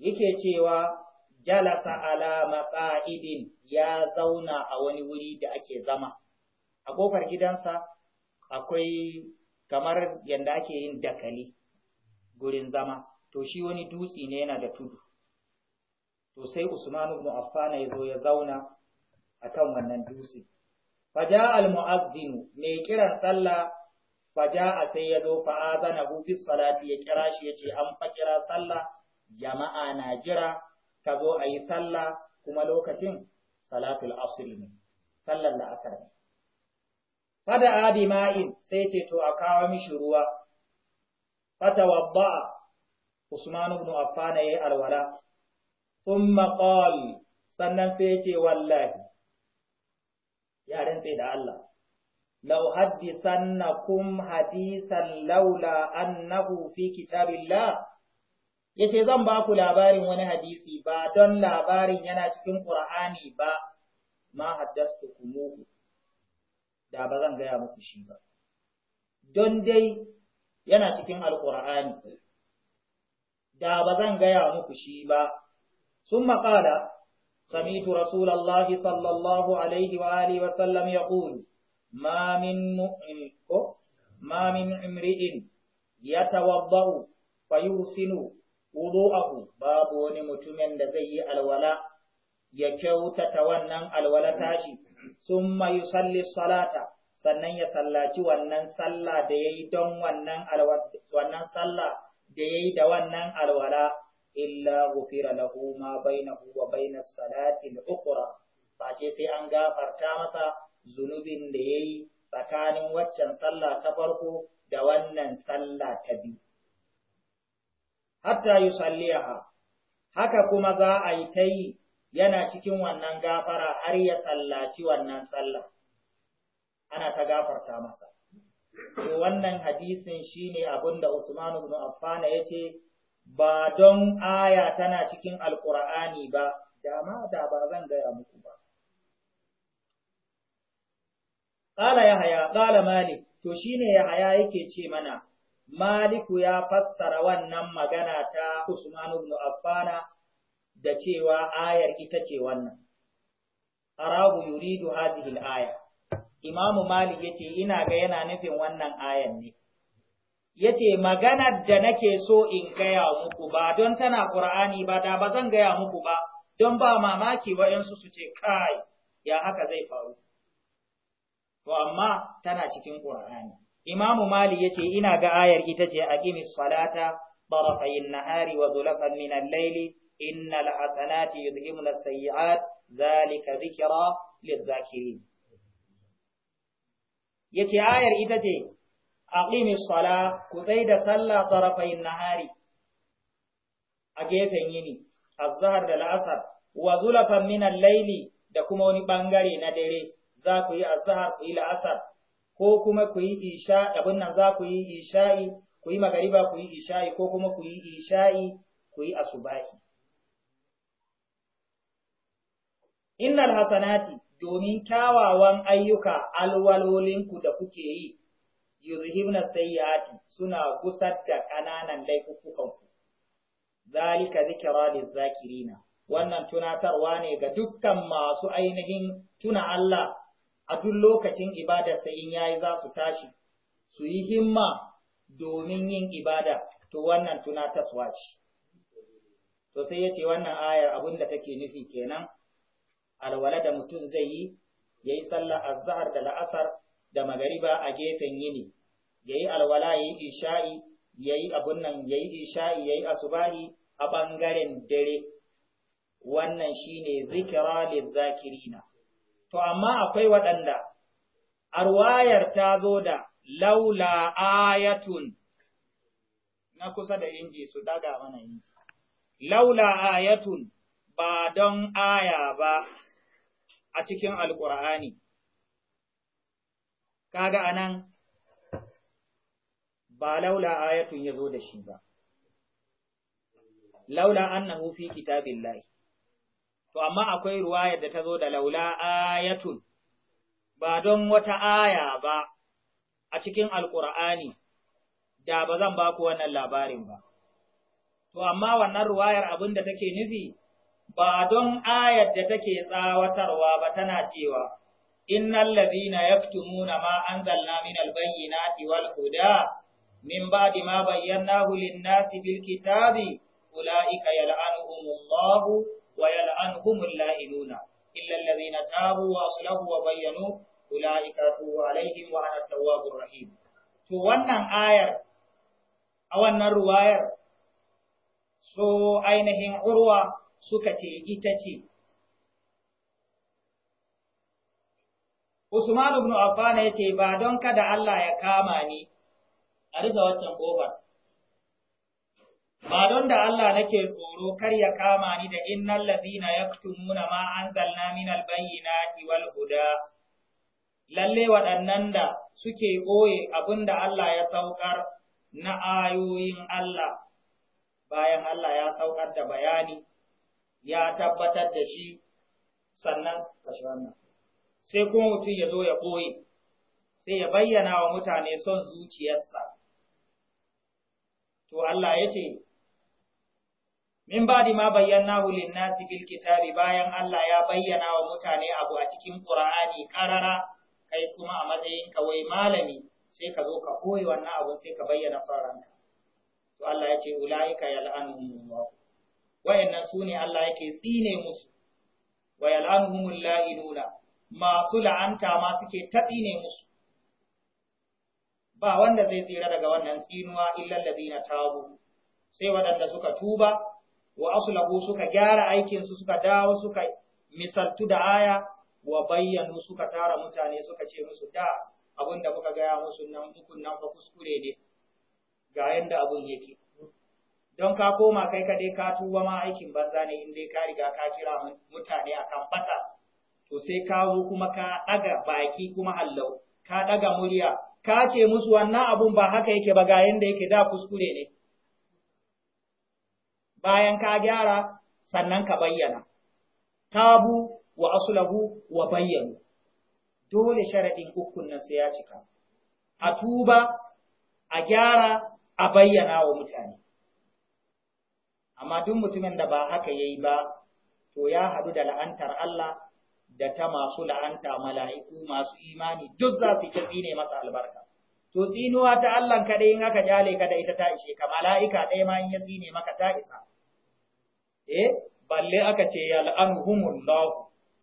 yake cewa jalasa alama maƙa'idin ya zauna a wani wuri da ake zama a ƙofar gidansa akwai kamar yadda ake yin dakali gurin zama to shi wani dutsi ne yana da tudu to sai Usman ibn Affan ya zo ya zauna akan wannan dutse faja al muazzin mai kiran sallah faja'a sai ya zo fa azana hu fi salati ya kira shi yace an fa kira sallah jama'a na jira ka zo ayi sallah kuma lokacin salatul asr ne sallar la'asar ne fada abi ma'in sai ce to a kawo mishi ruwa فتوضأ عثمان بن عفان يا الولاء ثم قال sannan sai والله wallahi ya rantse الله Allah حدثنكم حديثا hadisan laula في كتاب الله yace zan ba ku labarin wani hadisi ba don labarin yana cikin ƙur'ani ba ma haddathtukum da ba zan gaya muku shi ba don dai yana cikin alƙur'ani da ba zan gaya muku shi ba sun maƙala samitu rasulallahi sallallahu alaihi wa wa sallam ya ƙuri ma min imri'in ya tawabba'u fa yusinu wudu'ahu babu wani mutumin da zai yi alwala ya kyautata wannan alwala tashi summa yusalli salata sannan ya sallaci wannan sallah da ya yi don wannan sallah da ya da wannan alwala illa gufira lahu ma bainahu wa bainas salati al-ukhra ce sai an gafarta masa zunubin da ya yi tsakanin waccan sallah ta farko da wannan sallah ta biyu hatta yusalliha haka kuma za a yi ta yi yana cikin wannan gafara har ya sallaci wannan sallah ana ta gafarta masa to wannan hadisin shine abin da Usman ibn Affan ya ce ba don aya tana cikin alqur'ani ba da da ba zan gaya muku ba qala haya, qala malik to shine haya yake ce mana maliku ya fassara wannan magana ta Usman ibn Affan da cewa ayar ita ce wannan arabu yuridu hadhihi al-aya Imamu Malik yace ce, Ina ga yana nufin wannan ayan ne. yace ce, Maganar da nake so in gaya muku ba don tana Ƙur'ani ba da ba zan gaya muku ba, don ba mamaki wa'yansu su ce, Kai, ya haka zai faru. To, amma tana cikin Ƙur'ani. Imamu Malik yace Ina ga ayar ita ce, aqimis salata, barafayin nahari wa zulafan min al layli innal hasanati yudhibna as-sayyi'at, zalika dhikra lidh-dhakirin. yake ayar ita ce aqimis sala ku tsai da sallah tarafain nahari a gefen yini azhar da la'asar wa zulafan min al-laili da kuma wani ɓangare na dare za ku yi azhar ku yi la'asar ko kuma ku yi isha abin nan za ku yi isha'i ku yi magariba ku yi isha'i ko kuma ku yi isha'i ku yi asubahi innal hasanati domin kyawawan ayyuka alwalolinku da kuke yi, yuzhibna sayyati suna gusar da ƙananan laifukanku. Zalika zikira lizzakirina. Wannan tunatarwa ne ga dukkan masu ainihin tuna Allah a duk lokacin ibadarsa in yayi za su tashi, su yi himma domin yin ibada, to wannan tunatarwa ce. To sai ya ce wannan ayar abin da take nufi kenan. alwala da mutum zai yi ya yi a azhar da la'asar da magariba a gefen yini ya yi alwala ya yi isha'i ya yi abun nan ya yi isha'i ya yi asubahi a ɓangaren dare wannan shi shine zikira zakirina. to amma akwai waɗanda arwayar ta zo da laula ayatun na kusa da inji su daga mana inji laula ayatun ba don aya ba a cikin alƙur'ani. Kaga anan ba laula ayatun ya zo da shi ba, laula annahu fi kitabillahi. To, amma akwai ruwayar da ta zo da laula ayatun, ba don wata aya ba a cikin alƙur'ani, da ba zan ba ku wannan labarin ba. To, amma wannan ruwayar abin da take nufi ba don ayar da take tsawatarwa ba tana cewa innal ladhina yaktumuna ma anzalna minal bayyinati wal huda min ba ba'di ma bayyanahu lin-nasi bil kitabi ulaika yal'anuhumullahu wa yal'anuhumul la'inuna illa alladhina tabu wa aslahu wa bayyanu ulaika tubu alaihim wa ana tawwabur rahim to wannan ayar a wannan ruwayar so ainihin urwa suka ce ita ce. Usman ibn Affan ya ce ba don kada Allah ya kama ni a rufe waccan ƙofar. Ba don da Allah nake tsoro kar ya kama ni da ya ladina yaktumuna ma anzalna minal bayyinati wal guda. lalle waɗannan da suke ɓoye abin da Allah ya saukar na ayoyin Allah bayan Allah ya saukar da bayani ya tabbatar da shi sannan kashe wannan sai kuma mutum ya zo ya ɓoye sai ya bayyana wa mutane son zuciyarsa to Allah ya ce min ba'di ma bayyana lin-nasi bilkitabi, bayan Allah ya bayyana wa mutane abu a cikin ƙur'ani ƙarara kai kuma a matsayin kawai malami sai ka zo ka koyi wannan abu sai ka bayyana faranka to Allah ya ce ulaika yal'anuhum wayannan su ne Allah yake tsine musu wa yal'anuhumul la'inuna masu la'anta ma suke ta tsine musu ba wanda zai tsira daga wannan tsinuwa illal na tabu sai waɗanda suka tuba wa aslahu suka gyara aikin su suka dawo suka misaltu da aya wa bayyanu suka tara mutane suka ce musu da abinda muka gaya musu nan ukun nan fa kuskure ne ga yanda abun yake don ka koma kai kaɗai ka tuba ma aikin banza ne in dai ka riga ka kira mutane a kan bata to sai ka zo kuma ka ɗaga baki kuma hallau ka ɗaga murya ka ce musu wannan abun ba haka yake ba ga yanda yake da kuskure ne bayan ka gyara sannan ka bayyana tabu wa aslahu wa bayyana dole sharadin ukun nan sai ya cika a tuba a gyara a bayyana wa mutane amma duk mutumin da ba haka yayi ba to ya haɗu da la'antar Allah da ta masu la'anta mala'iku masu imani duk za su ki ne masa albarka to tsinuwa ta Allah kadai in aka jale ka da ita ta ishe ka mala'ika ɗaya ma in ya tsine maka ta isa eh balle aka ce ya la'anhumullahu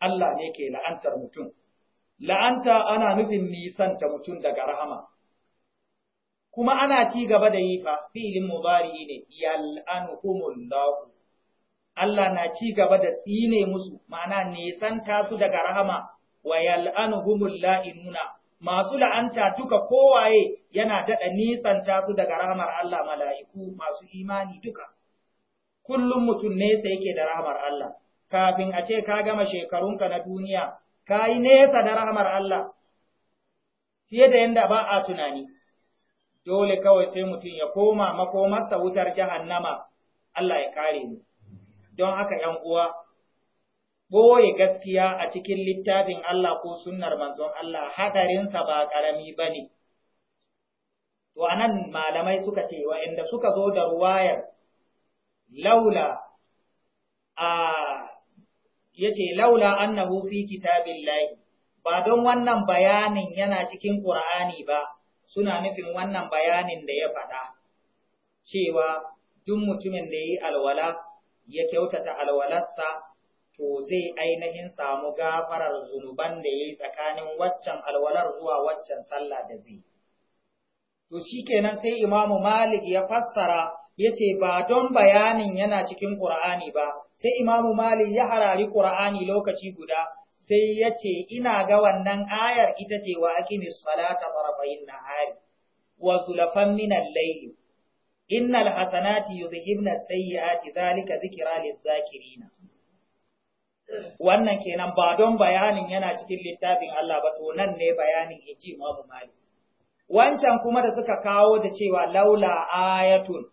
Allah ne ke la'antar mutum la'anta ana nufin nisan ta mutum daga rahama kuma ana ci gaba da yi fa fi'ilin mubari ne yal'anuhumullahu Allah na ci gaba da tsine musu ma'ana nisanta su daga rahama wa yal'anuhumul la'inuna masu la'anta duka kowaye yana daɗa nisan su daga rahamar Allah mala'iku masu imani duka kullum mutum nesa yake da rahamar Allah kafin a ce ka gama shekarunka na duniya ka yi nesa da rahamar Allah fiye da yadda ba a tunani dole kawai sai mutum ya koma makomarsa wutar jahannama Allah ya kare mu don haka ‘yan uwa ɓoye gaskiya a cikin littafin Allah ko sunnar manzon Allah hadarinsa ba ƙarami ba ne to anan malamai suka ce wa'inda suka zo da ruwayar laula a yace laula annahu fi kitabillahi ba don wannan bayanin yana cikin Qur'ani ba suna nufin wannan bayanin da ya faɗa cewa duk mutumin da ya yi alwala ya kyautata alwalarsa to zai ainihin samu gafarar zunuban da ya yi tsakanin waccan alwalar zuwa waccan sallah da zai. To shi kenan sai Imamu Malik ya fassara ya ce ba don bayanin yana cikin Ƙur'ani ba, sai Imamu Malik ya harari Ƙur'ani lokaci guda sai ya ce ina ga wannan ayar ita ce wa aqimi salata tarafayn nahari wa zulafan min al-layl innal hasanati yudhibna sayyiati zalika dhikra liz wannan kenan ba don bayanin yana cikin littafin Allah ba to nan ne bayanin yace mu mali. wancan kuma da suka kawo da cewa laula ayatun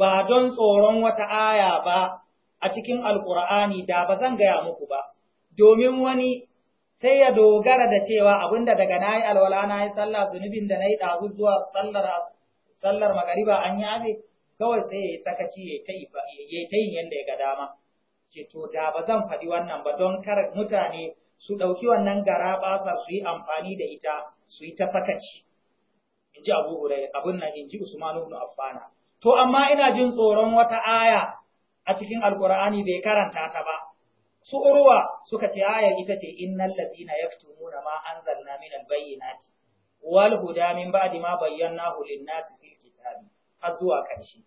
ba don tsoron wata aya ba a cikin alqur'ani da ba zan gaya muku ba domin wani sai ya dogara da cewa abinda daga nayi alwala na yi sallah zunubin da na yi ɗazu zuwa sallar magariba an yafe kawai sai ya yi sakaci ya yi ta yin yadda ya ga dama ce da ba zan faɗi wannan ba don kar mutane su ɗauki wannan gara ɓasar su yi amfani da ita su yi ta fakaci. in ji Abu Hurairah abun nan in ji Usman ibn Affana to amma ina jin tsoron wata aya a cikin Alƙur'ani bai karanta ta ba su urwa suka ce ayar ita ce innal ladina yaktumuna ma anzalna min albayyinati wal huda min ba'di ma bayyanahu lin-nasi fil kitabi har zuwa ƙarshe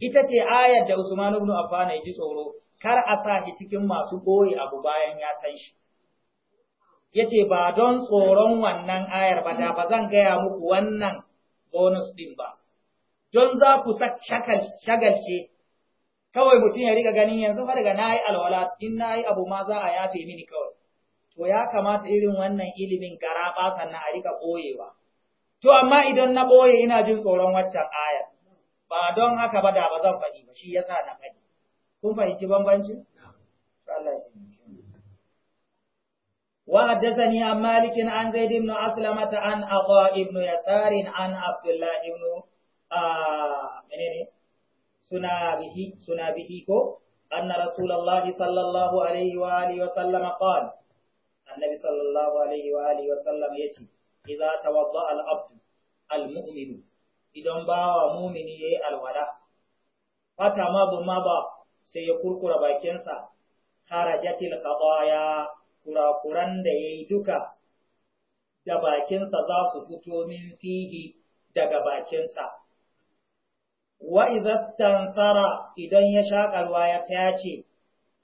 ita ce ayar da Usman ibn Affan ya ji tsoro kar a sa shi cikin masu boye abu bayan ya san shi yace ba don tsoron wannan ayar ba da ba zan gaya muku wannan bonus din ba don za ku shagalce kawai mutum ya riga ganin yanzu fa daga nayi alwala in nayi abu ma za a yafe mini kawai to ya kamata irin wannan ilimin garaba sannan a riga koyewa to amma idan na boye ina jin tsoron waccan ayar ba don haka ba da ba zan faɗi ba shi yasa na faɗi kun fahimci bambancin وحدثني عن مالك عن زيد بن أسلمة عن عطاء بن يسار عن عبد الله بن suna bihi suna bihi ko anna rasulullahi sallallahu alaihi wa alihi wa sallam qala annabi sallallahu alaihi wa alihi wa sallam yace idza tawadda al-abd al-mu'min idan ba bawa mu'mini yi alwada. fata ma maba sai ya kurkura bakinsa kharajatil qadaya kurakuran da ya yi duka da bakinsa za su fito min fihi daga bakinsa wa idza idan ya sha ruwa ya tace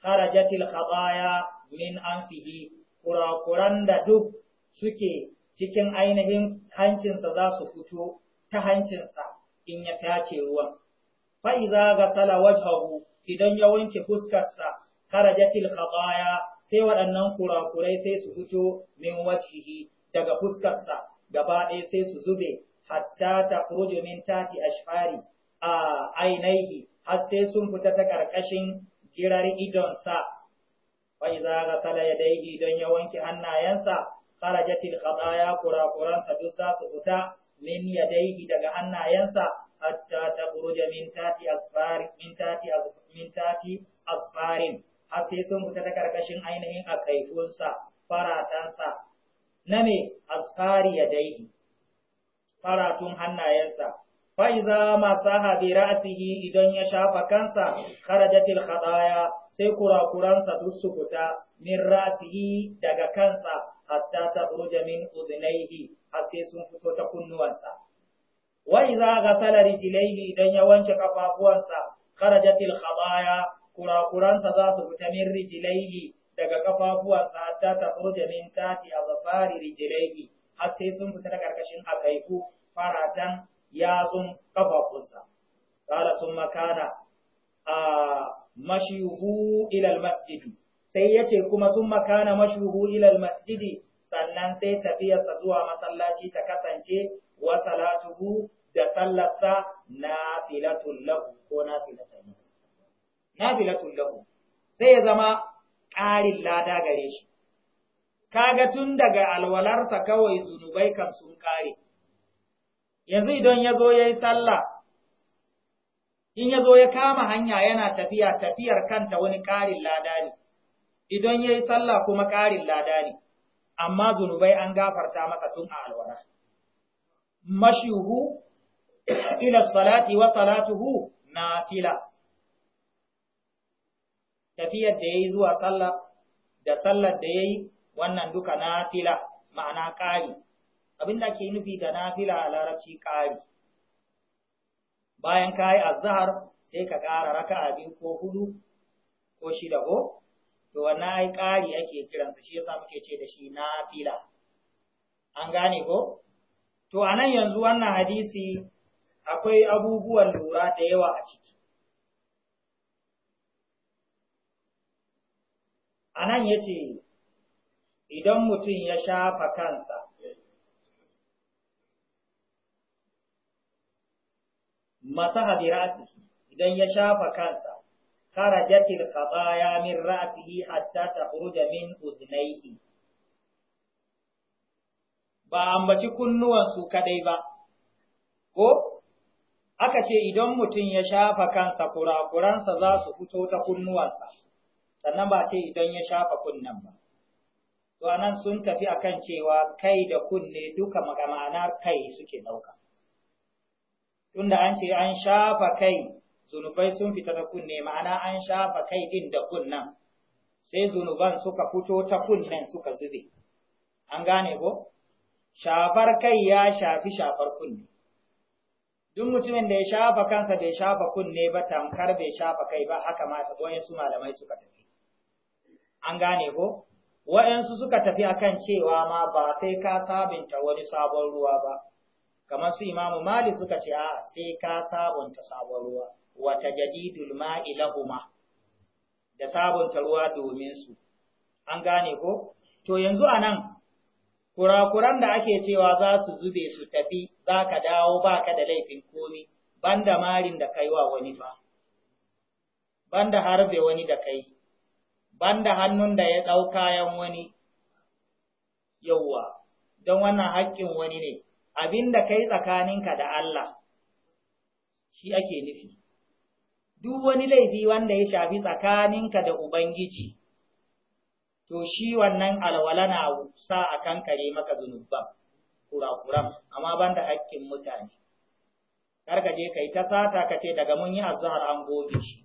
kharajatil khataya min anfihi kurakuran da duk suke cikin ainihin hancinsa za su fito ta hancinsa in ya tace ruwan fa idza gatala wajhahu idan ya wanke fuskarsa kharajatil khataya sai waɗannan kurakurai sai su fito min wajhihi daga fuskarsa gaba ɗaya sai su zube hatta ta min tati ashfari a ainihi har sai sun fita ta ƙarƙashin girar idonsa wani za ga tala ya yadayhi don ya wanke hannayensa ya kura kurakuransa duk za su fita min ya yadayhi daga hannayensa hatta ta min da mintati min tati asfarin har sai sun fita ta ƙarƙashin ainihin kaifunsa, faratansa na me asfari yadayhi faratun hannayensa fa'iza masaha bi ra'sihi idan ya shafa kansa kharajatil khadaya sai kurakuransa duk su fita min ra'sihi daga kansa hatta takhruja min udhnayhi har sai sun fito ta kunnuwansa wa idza ghasala rijlaihi idan ya wanke kafafuwansa kharajatil khadaya kurakuransa za su fita min rijlaihi daga kafafuwansa hatta takhruja min a azfari rijlaihi har sai sun fita ta karkashin akaiku faratan yatsun kafafunsa qala sun sun a mashihu ilal masjidi, sai yace kuma sun makana mashihu ilal masjidi, sannan sai tafiyarsa zuwa masallaci ta kasance wa salatuhu da sallarsa nafilatul lahu ko na Na nafilatul lahu sai ya zama ƙarin lada gare shi kaga tun daga alwalarsa kawai zunubai kan sun ƙare yanzu idan ya zo ya yi in ya zo ya kama hanya yana tafiya tafiyar kanta wani ƙarin lada ne idan ya yi sallah kuma ƙarin lada ne amma zunubai an gafarta masa tun a alwara mashihu ila salati wa salatuhu na fila tafiyar da ya yi zuwa salla da sallar da ya yi wannan duka na fila ma'ana ƙari abinda ke nufi da nafila a larabci ƙari bayan ka yi azahar sai ka ƙara raka abin ko hudu ko shida ko to wannan ai ƙari ake kiransa shi yasa muke ce da shi nafila an gane ko to a nan yanzu wannan hadisi akwai abubuwan lura da yawa a ciki anan ce idan mutum ya shafa kansa masaha bi ra'si idan ya shafa kansa kharajatil khataya min ra'sihi hatta takhruja min uznaihi ba ambaci kunnuwansu kadai ba ko aka ce idan mutum ya shafa kansa kurakuransa za su fito ta kunnuwansa sannan ba ce idan ya shafa kunnen ba to anan sun tafi akan cewa kai da kunne duka magana kai suke ɗauka tunda an ce an shafa kai zunubai sun fita ta kunne ma'ana an shafa kai din da kunnan sai zunuban suka fito ta kunnen suka zube an gane ko shafar kai ya shafi shafar kunne duk mutumin da ya shafa kansa bai shafa kunne ba tamkar bai shafa kai ba haka ma wayansu malamai suka tafi an gane ko waɗansu suka tafi akan cewa ma ba sai ka sabinta wani sabon ruwa ba kamar su imamu malik suka ce a sai ka sabonta sabon ruwa wata jadidul ma'i lahuma da sabonta ruwa domin su an gane ko to yanzu anan kurakuran da ake cewa za su zube su tafi za ka dawo ba ka da laifin komi banda marin da kai wa wani fa banda harbe wani da kai banda hannun da ya ɗau kayan wani yauwa don wannan haƙƙin wani ne Abin abinda kai tsakaninka da Allah shi ake nufi duk wani laifi wanda ya shafi tsakaninka da ubangiji to shi wannan alwala na sa a kankare maka zunubban kurakuran amma banda hakkin mutane kar ka je kai ta sata ka ce daga mun yi azhar an goge shi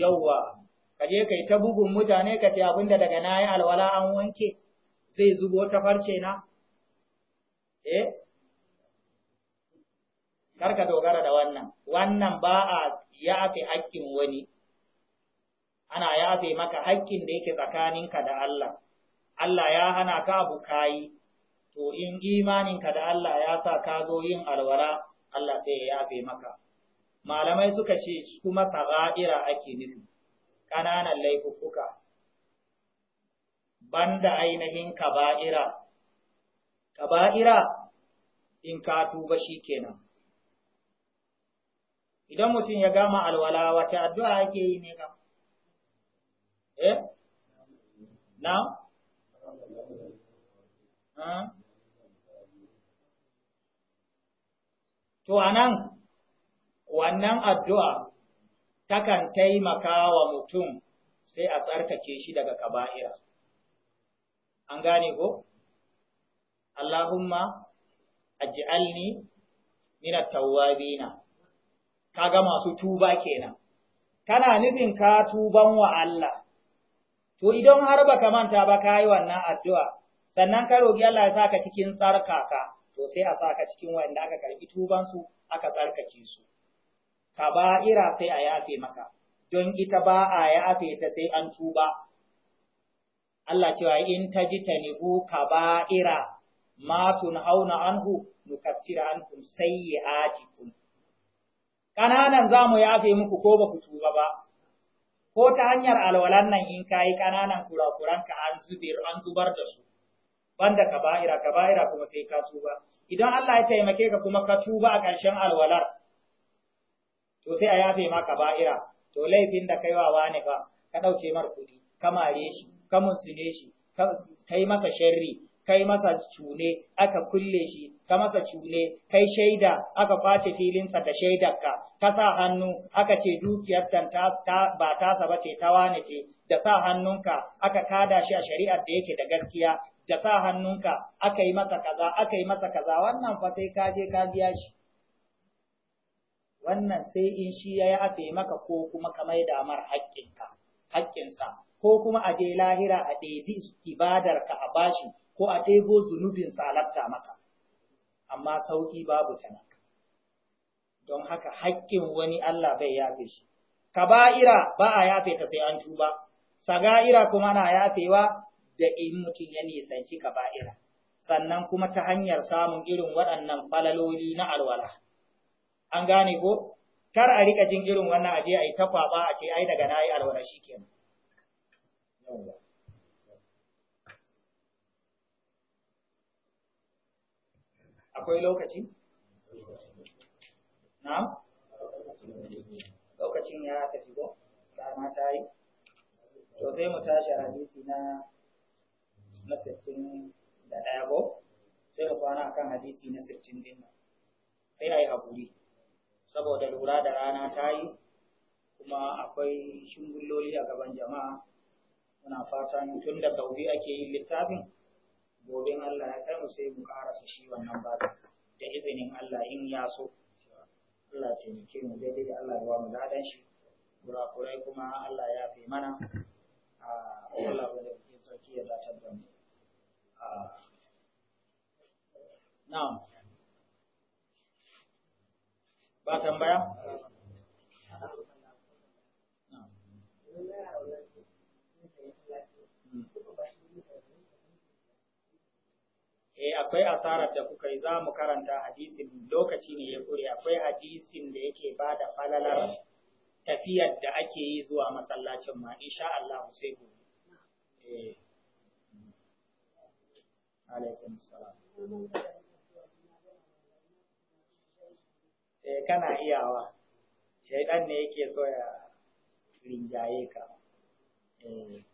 yawwa ka je kai ta bugun mutane ka ce abinda daga nayi alwala an wanke zai zubo ta farce na eh karka dogara da wannan wannan ba a yafe haƙƙin wani ana yafe maka haƙƙin da yake tsakaninka da Allah Allah ya hana ka abu kayi to in imaninka da Allah ya sa ka zo yin alwara, Allah sai ya yafe maka malamai suka ce kuma sara'ira ake nufi ƙananan laifuffuka banda ainihin kaba'ira kaba'ira in ka tuba shi kenan. idan mutum ya gama alwala wace addu'a ake yi ne kam? Eh? Na? To, a nan, wannan addu'a takan taimaka wa mutum sai a tsarkake shi daga kaba'ira. An gane ko? Allahumma, aji'alni, mina tawabina. kaga masu tuba kenan kana nufin ka tuban wa Allah to idan har baka manta ba kai wannan addu'a sannan ka roki Allah ya saka cikin tsarkaka to sai a saka cikin wanda aka karbi tuban su aka tsarkake su kaba'ira sai a yafe maka don ita ba a yafe ta sai an tuba Allah cewa in ta ji tajtanibu kaba'ira ma tunhauna anhu nukaffir ankum sayyi'atikum ƙananan za mu yafe muku ko ba ku tuba ba, ko ta hanyar alwalan nan in ka yi ƙananan ka an an zubar da su, banda kaba'ira, kaba'ira kuma sai ka tuba. Idan Allah ya taimake ka kuma ka tuba a ƙarshen alwalar, to sai a yafe maka ba'ira. to laifin da kai wa wani ba, ka ɗauke mar kuɗi, ka mare shi, ka munsune shi, ka yi masa sharri, ka yi masa cune, aka kulle shi, ka masa cule kai shaida aka kwace filinsa da shaidarka ka sa hannu aka ce dukiyar ta ba tasa ba ce ta wane ce da sa hannunka aka kada shi a shari'ar da yake da gaskiya da sa hannunka aka yi masa kaza aka yi masa kaza wannan fa sai ka je ka biya shi wannan sai in shi ya yi yafe maka ko kuma ka mai mar haƙƙinka haƙƙinsa ko kuma a je lahira a ɗebi ibadarka a bashi ko a ɗebo zunubin salatta maka amma sauƙi babu ta nan. Don haka hakkin wani Allah bai yafe shi. Kaba'ira ba a yafe ta sai an tuba, saga'ira kuma na yafewa da in mutum ya nisanci kaba'ira, sannan kuma ta hanyar samun irin waɗannan falaloli na alwala. An gane ko? Kar a rika jin irin wannan aje a yi ta kwaɓa a ce ai daga na yi alwala shi kenan. akwai lokaci? na? lokacin ya tafi ko rana ta yi to sai mu tashi hadisi na na sittin da ɗaya ko sai mu kwana akan hadisi na sittin din nan sai a yi haƙuri saboda lura da rana ta yi kuma akwai shingulloli a gaban jama'a muna fatan tun da saudi ake yin littafin gobe Allah ya kai mu sai mu karasa shi wannan babu da izinin Allah in ya so Allah ce mu mu daidai da Allah ya ba mu ladan shi kurai kuma Allah ya fi mana a ah, Allah wanda ke sarki ya datar da mu ah, na'am ba tambaya eh akwai asarar da kuka yi za mu karanta hadisin lokaci ne ya kure akwai hadisin da yake ba da falalar tafiyar da ake yi zuwa masallacin ma insha Allah sai ku eh alaikum salam eh kana iyawa shaidan ne yake so ya rinjaye ka eh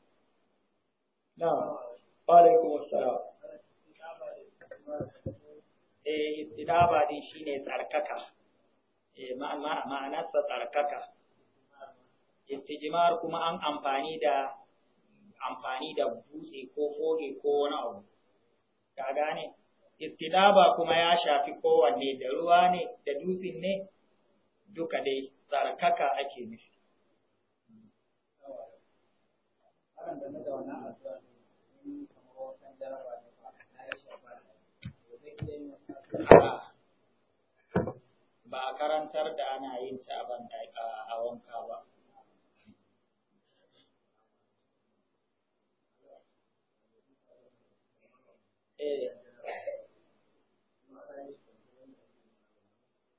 na alaikum assalam eh istidaba din shine tsarkaka eh tsarkaka Istijimar kuma an amfani da amfani da butse ko foge ko wani abu ka gane istidaba kuma ya shafi kowanne da ruwa ne da dutsen ne duka dai tsarkaka ake nufi ba a karantar da ana yin ta a wanka ba. Eh.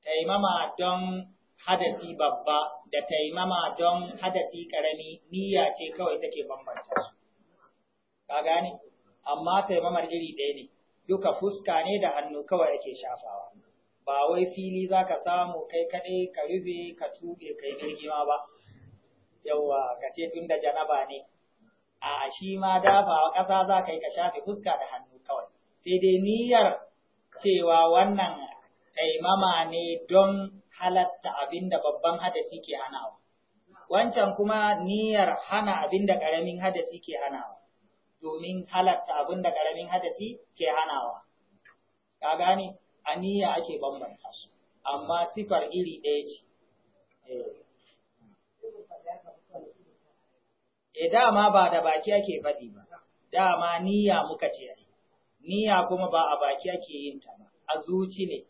Taimama don hadasi babba da taimama don hadasi karami niyya ce kawai take bambanta su. Ka gane? Amma taimamar iri ɗaya ne. duka fuska ne da hannu kawai ake shafawa ba wai fili za ka samu kai kaɗai ka rufe ka tuɓe kai girgima ba yawwa ka ce tun da janaba ne a shi ma dafawa ƙasa za ka yi ka shafe fuska da hannu kawai sai dai niyyar cewa wannan taimama ne don halatta abin babban hadasi ke hanawa wancan kuma niyyar hana abinda da ƙaramin hadasi ke hanawa domin halatta abin da ƙaramin hadasi ke hanawa. Ka gane, aniya ake bambanta su, amma sifar iri ɗaya ce. E dama ba da baki ake faɗi ba, dama niyya muka ce niyya kuma ba a baki ake yin ta ba, a zuci ne.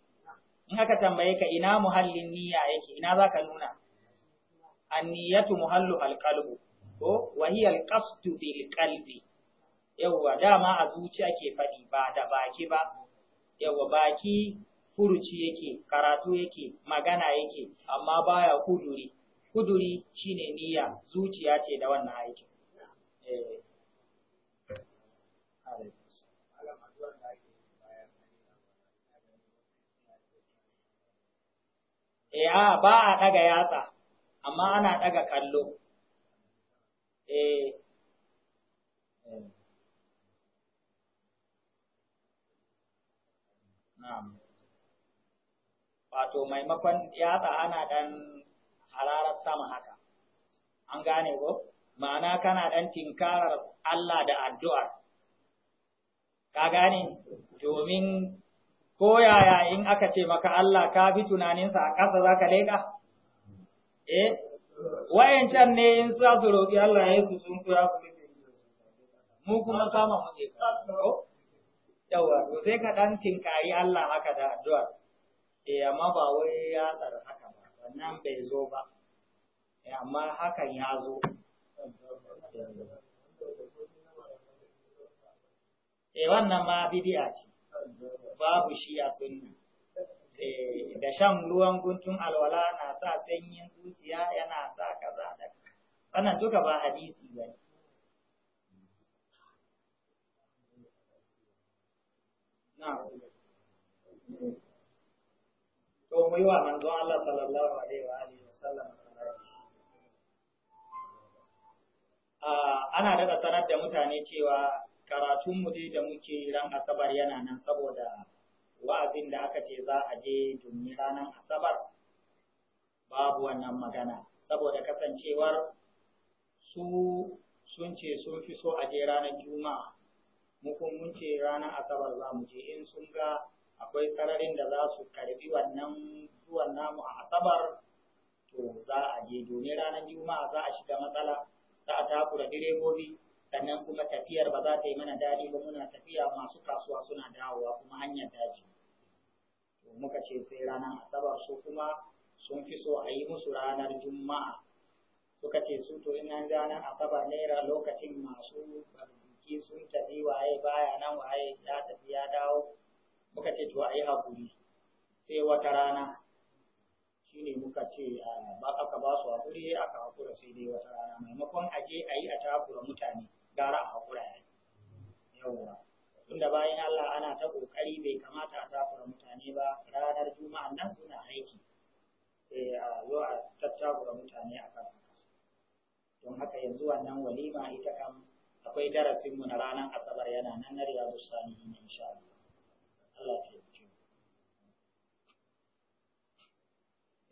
In aka tambaye ka ina muhallin niyya yake, ina za ka nuna? Anniyatu muhallu halƙalbu, ko wahiyar ƙastu bil ƙalbi. yawwa dama a zuciya ke faɗi ba da baki ba yawwa baki furuci yake karatu yake magana yake amma baya kuduri kuduri shine niyya zuciya ce da wannan aiki. eh, eh ba a ɗaga yatsa, amma ana ɗaga kallo. Eh, Wato maimakon yatsa ana ɗan hararar sama haka, an gane ko? Ma'ana kana ɗan tinkarar Allah da addu’a. ka gane? Domin koyaya in aka ce maka Allah ka fi tunaninsa a ƙasa za ka leƙa? Eh, wayancan ne in za su roƙi Allah ya yi su sun ya su mu kuma kama mu ne ko? yawa to sai ka dan tinkari Allah haka da addu'a eh amma ba wai ya tsara haka ba wannan bai zo ba eh amma hakan ya zo eh wannan ma bid'a ce babu shi a sunna eh da shan ruwan guntun alwala na sa sanyin zuciya yana sa kaza da wannan duka ba hadisi bane to mu wa manzon Allah sallallahu alaihi wa alihi ana daga sanar da mutane cewa karatun mu dai da muke ran asabar yana nan saboda wa'azin da aka ce za a je domin ranar asabar babu wannan magana saboda kasancewar su sun ce sun fi so a je ranar juma'a mu ce ranar asabar za mu je in sun ga akwai sararin da za su karbi wannan zuwan namu a asabar to za a je domin ranar juma'a za a shiga matsala za a takura direbobi sannan kuma tafiyar ba za ta yi mana daɗi ba muna tafiya masu kasuwa suna dawowa kuma hanyar daji to muka ce sai ranar asabar su kuma sun fi so a yi musu ranar juma'a suka ce su to in ranar asabar naira lokacin masu ciki sun tafi waye baya nan waye ya tafi ya dawo muka ce to ayi hakuri sai wata rana shine muka ce ba aka ba su hakuri aka hakura sai dai wata rana maimakon a je a yi a takura mutane gara a hakura ya yawwa tunda bayan Allah ana ta kokari bai kamata a takura mutane ba ranar juma'a nan suna aiki sai eh, a zo a tattakura mutane a kan don haka yanzu wannan walima ita kan akwai darasinmu na ranar asabar yana nan na riyadu sani ne insha Allah Allah ya yi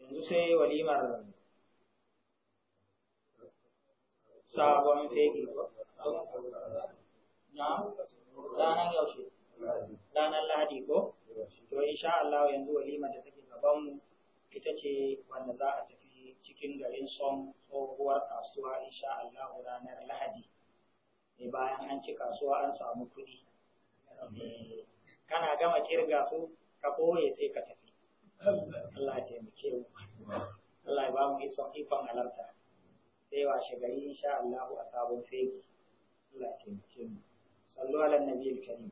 yanzu sai walimar sabon fegi na ranar yaushe ranar lahadi ko to insha Allah yanzu walimar da take gabanmu ita ce wanda za a tafi cikin garin son tsohuwar kasuwa insha Allah ranar lahadi mai bayan an ci kasuwa an samu kuɗi kana gama kirga su ka koye sai ka tafi Allah ya taimake mu Allah ya ba mu ison ikon halarta sai wa shigari insha Allah a sabon fegi Allah ya taimake mu sallu ala nabiyil karim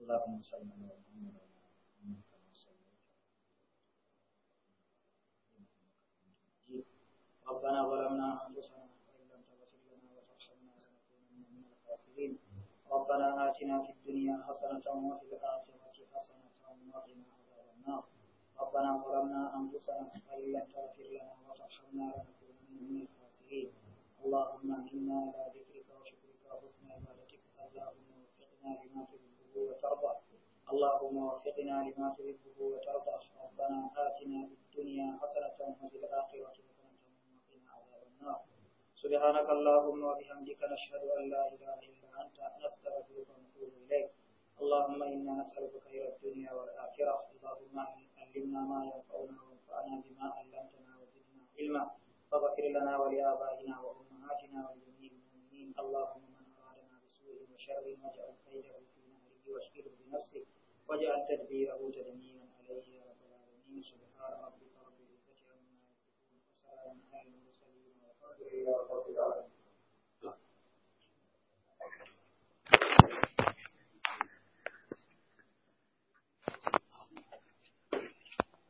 اللهم صل على محمد ربنا ظلمنا ربنا آتنا في الدنيا حسنة وفي الآخرة حسنة وقنا عذاب النار ربنا ظلمنا أنفسنا فإن لم تغفر لنا وترحمنا لنكونن من الخاسرين اللهم إنا على ذكرك وشكرك وحسن عبادتك اللهم وفقنا لما تحبه وترضى اللهم وفقنا لما تحبه وترضى ربنا آتنا في الدنيا حسنة وفي الآخرة حسنة وقنا عذاب النار سبحانك اللهم وبحمدك نشهد أن لا إله إلا أنت نستغفرك ونتوب إليك اللهم إنا نسألك خير الدنيا والآخرة اللهم علمنا ما ينفعنا وانفعنا بما علمتنا وزدنا علما فغفر لنا ولآبائنا وأمهاتنا ولجميع المؤمنين اللهم من أرادنا بسوء وشر واجعل خيره في نهره واشكره بنفسه واجعل تدبيره تدميرا عليه يا رب العالمين سبحان ربك 定要都知道。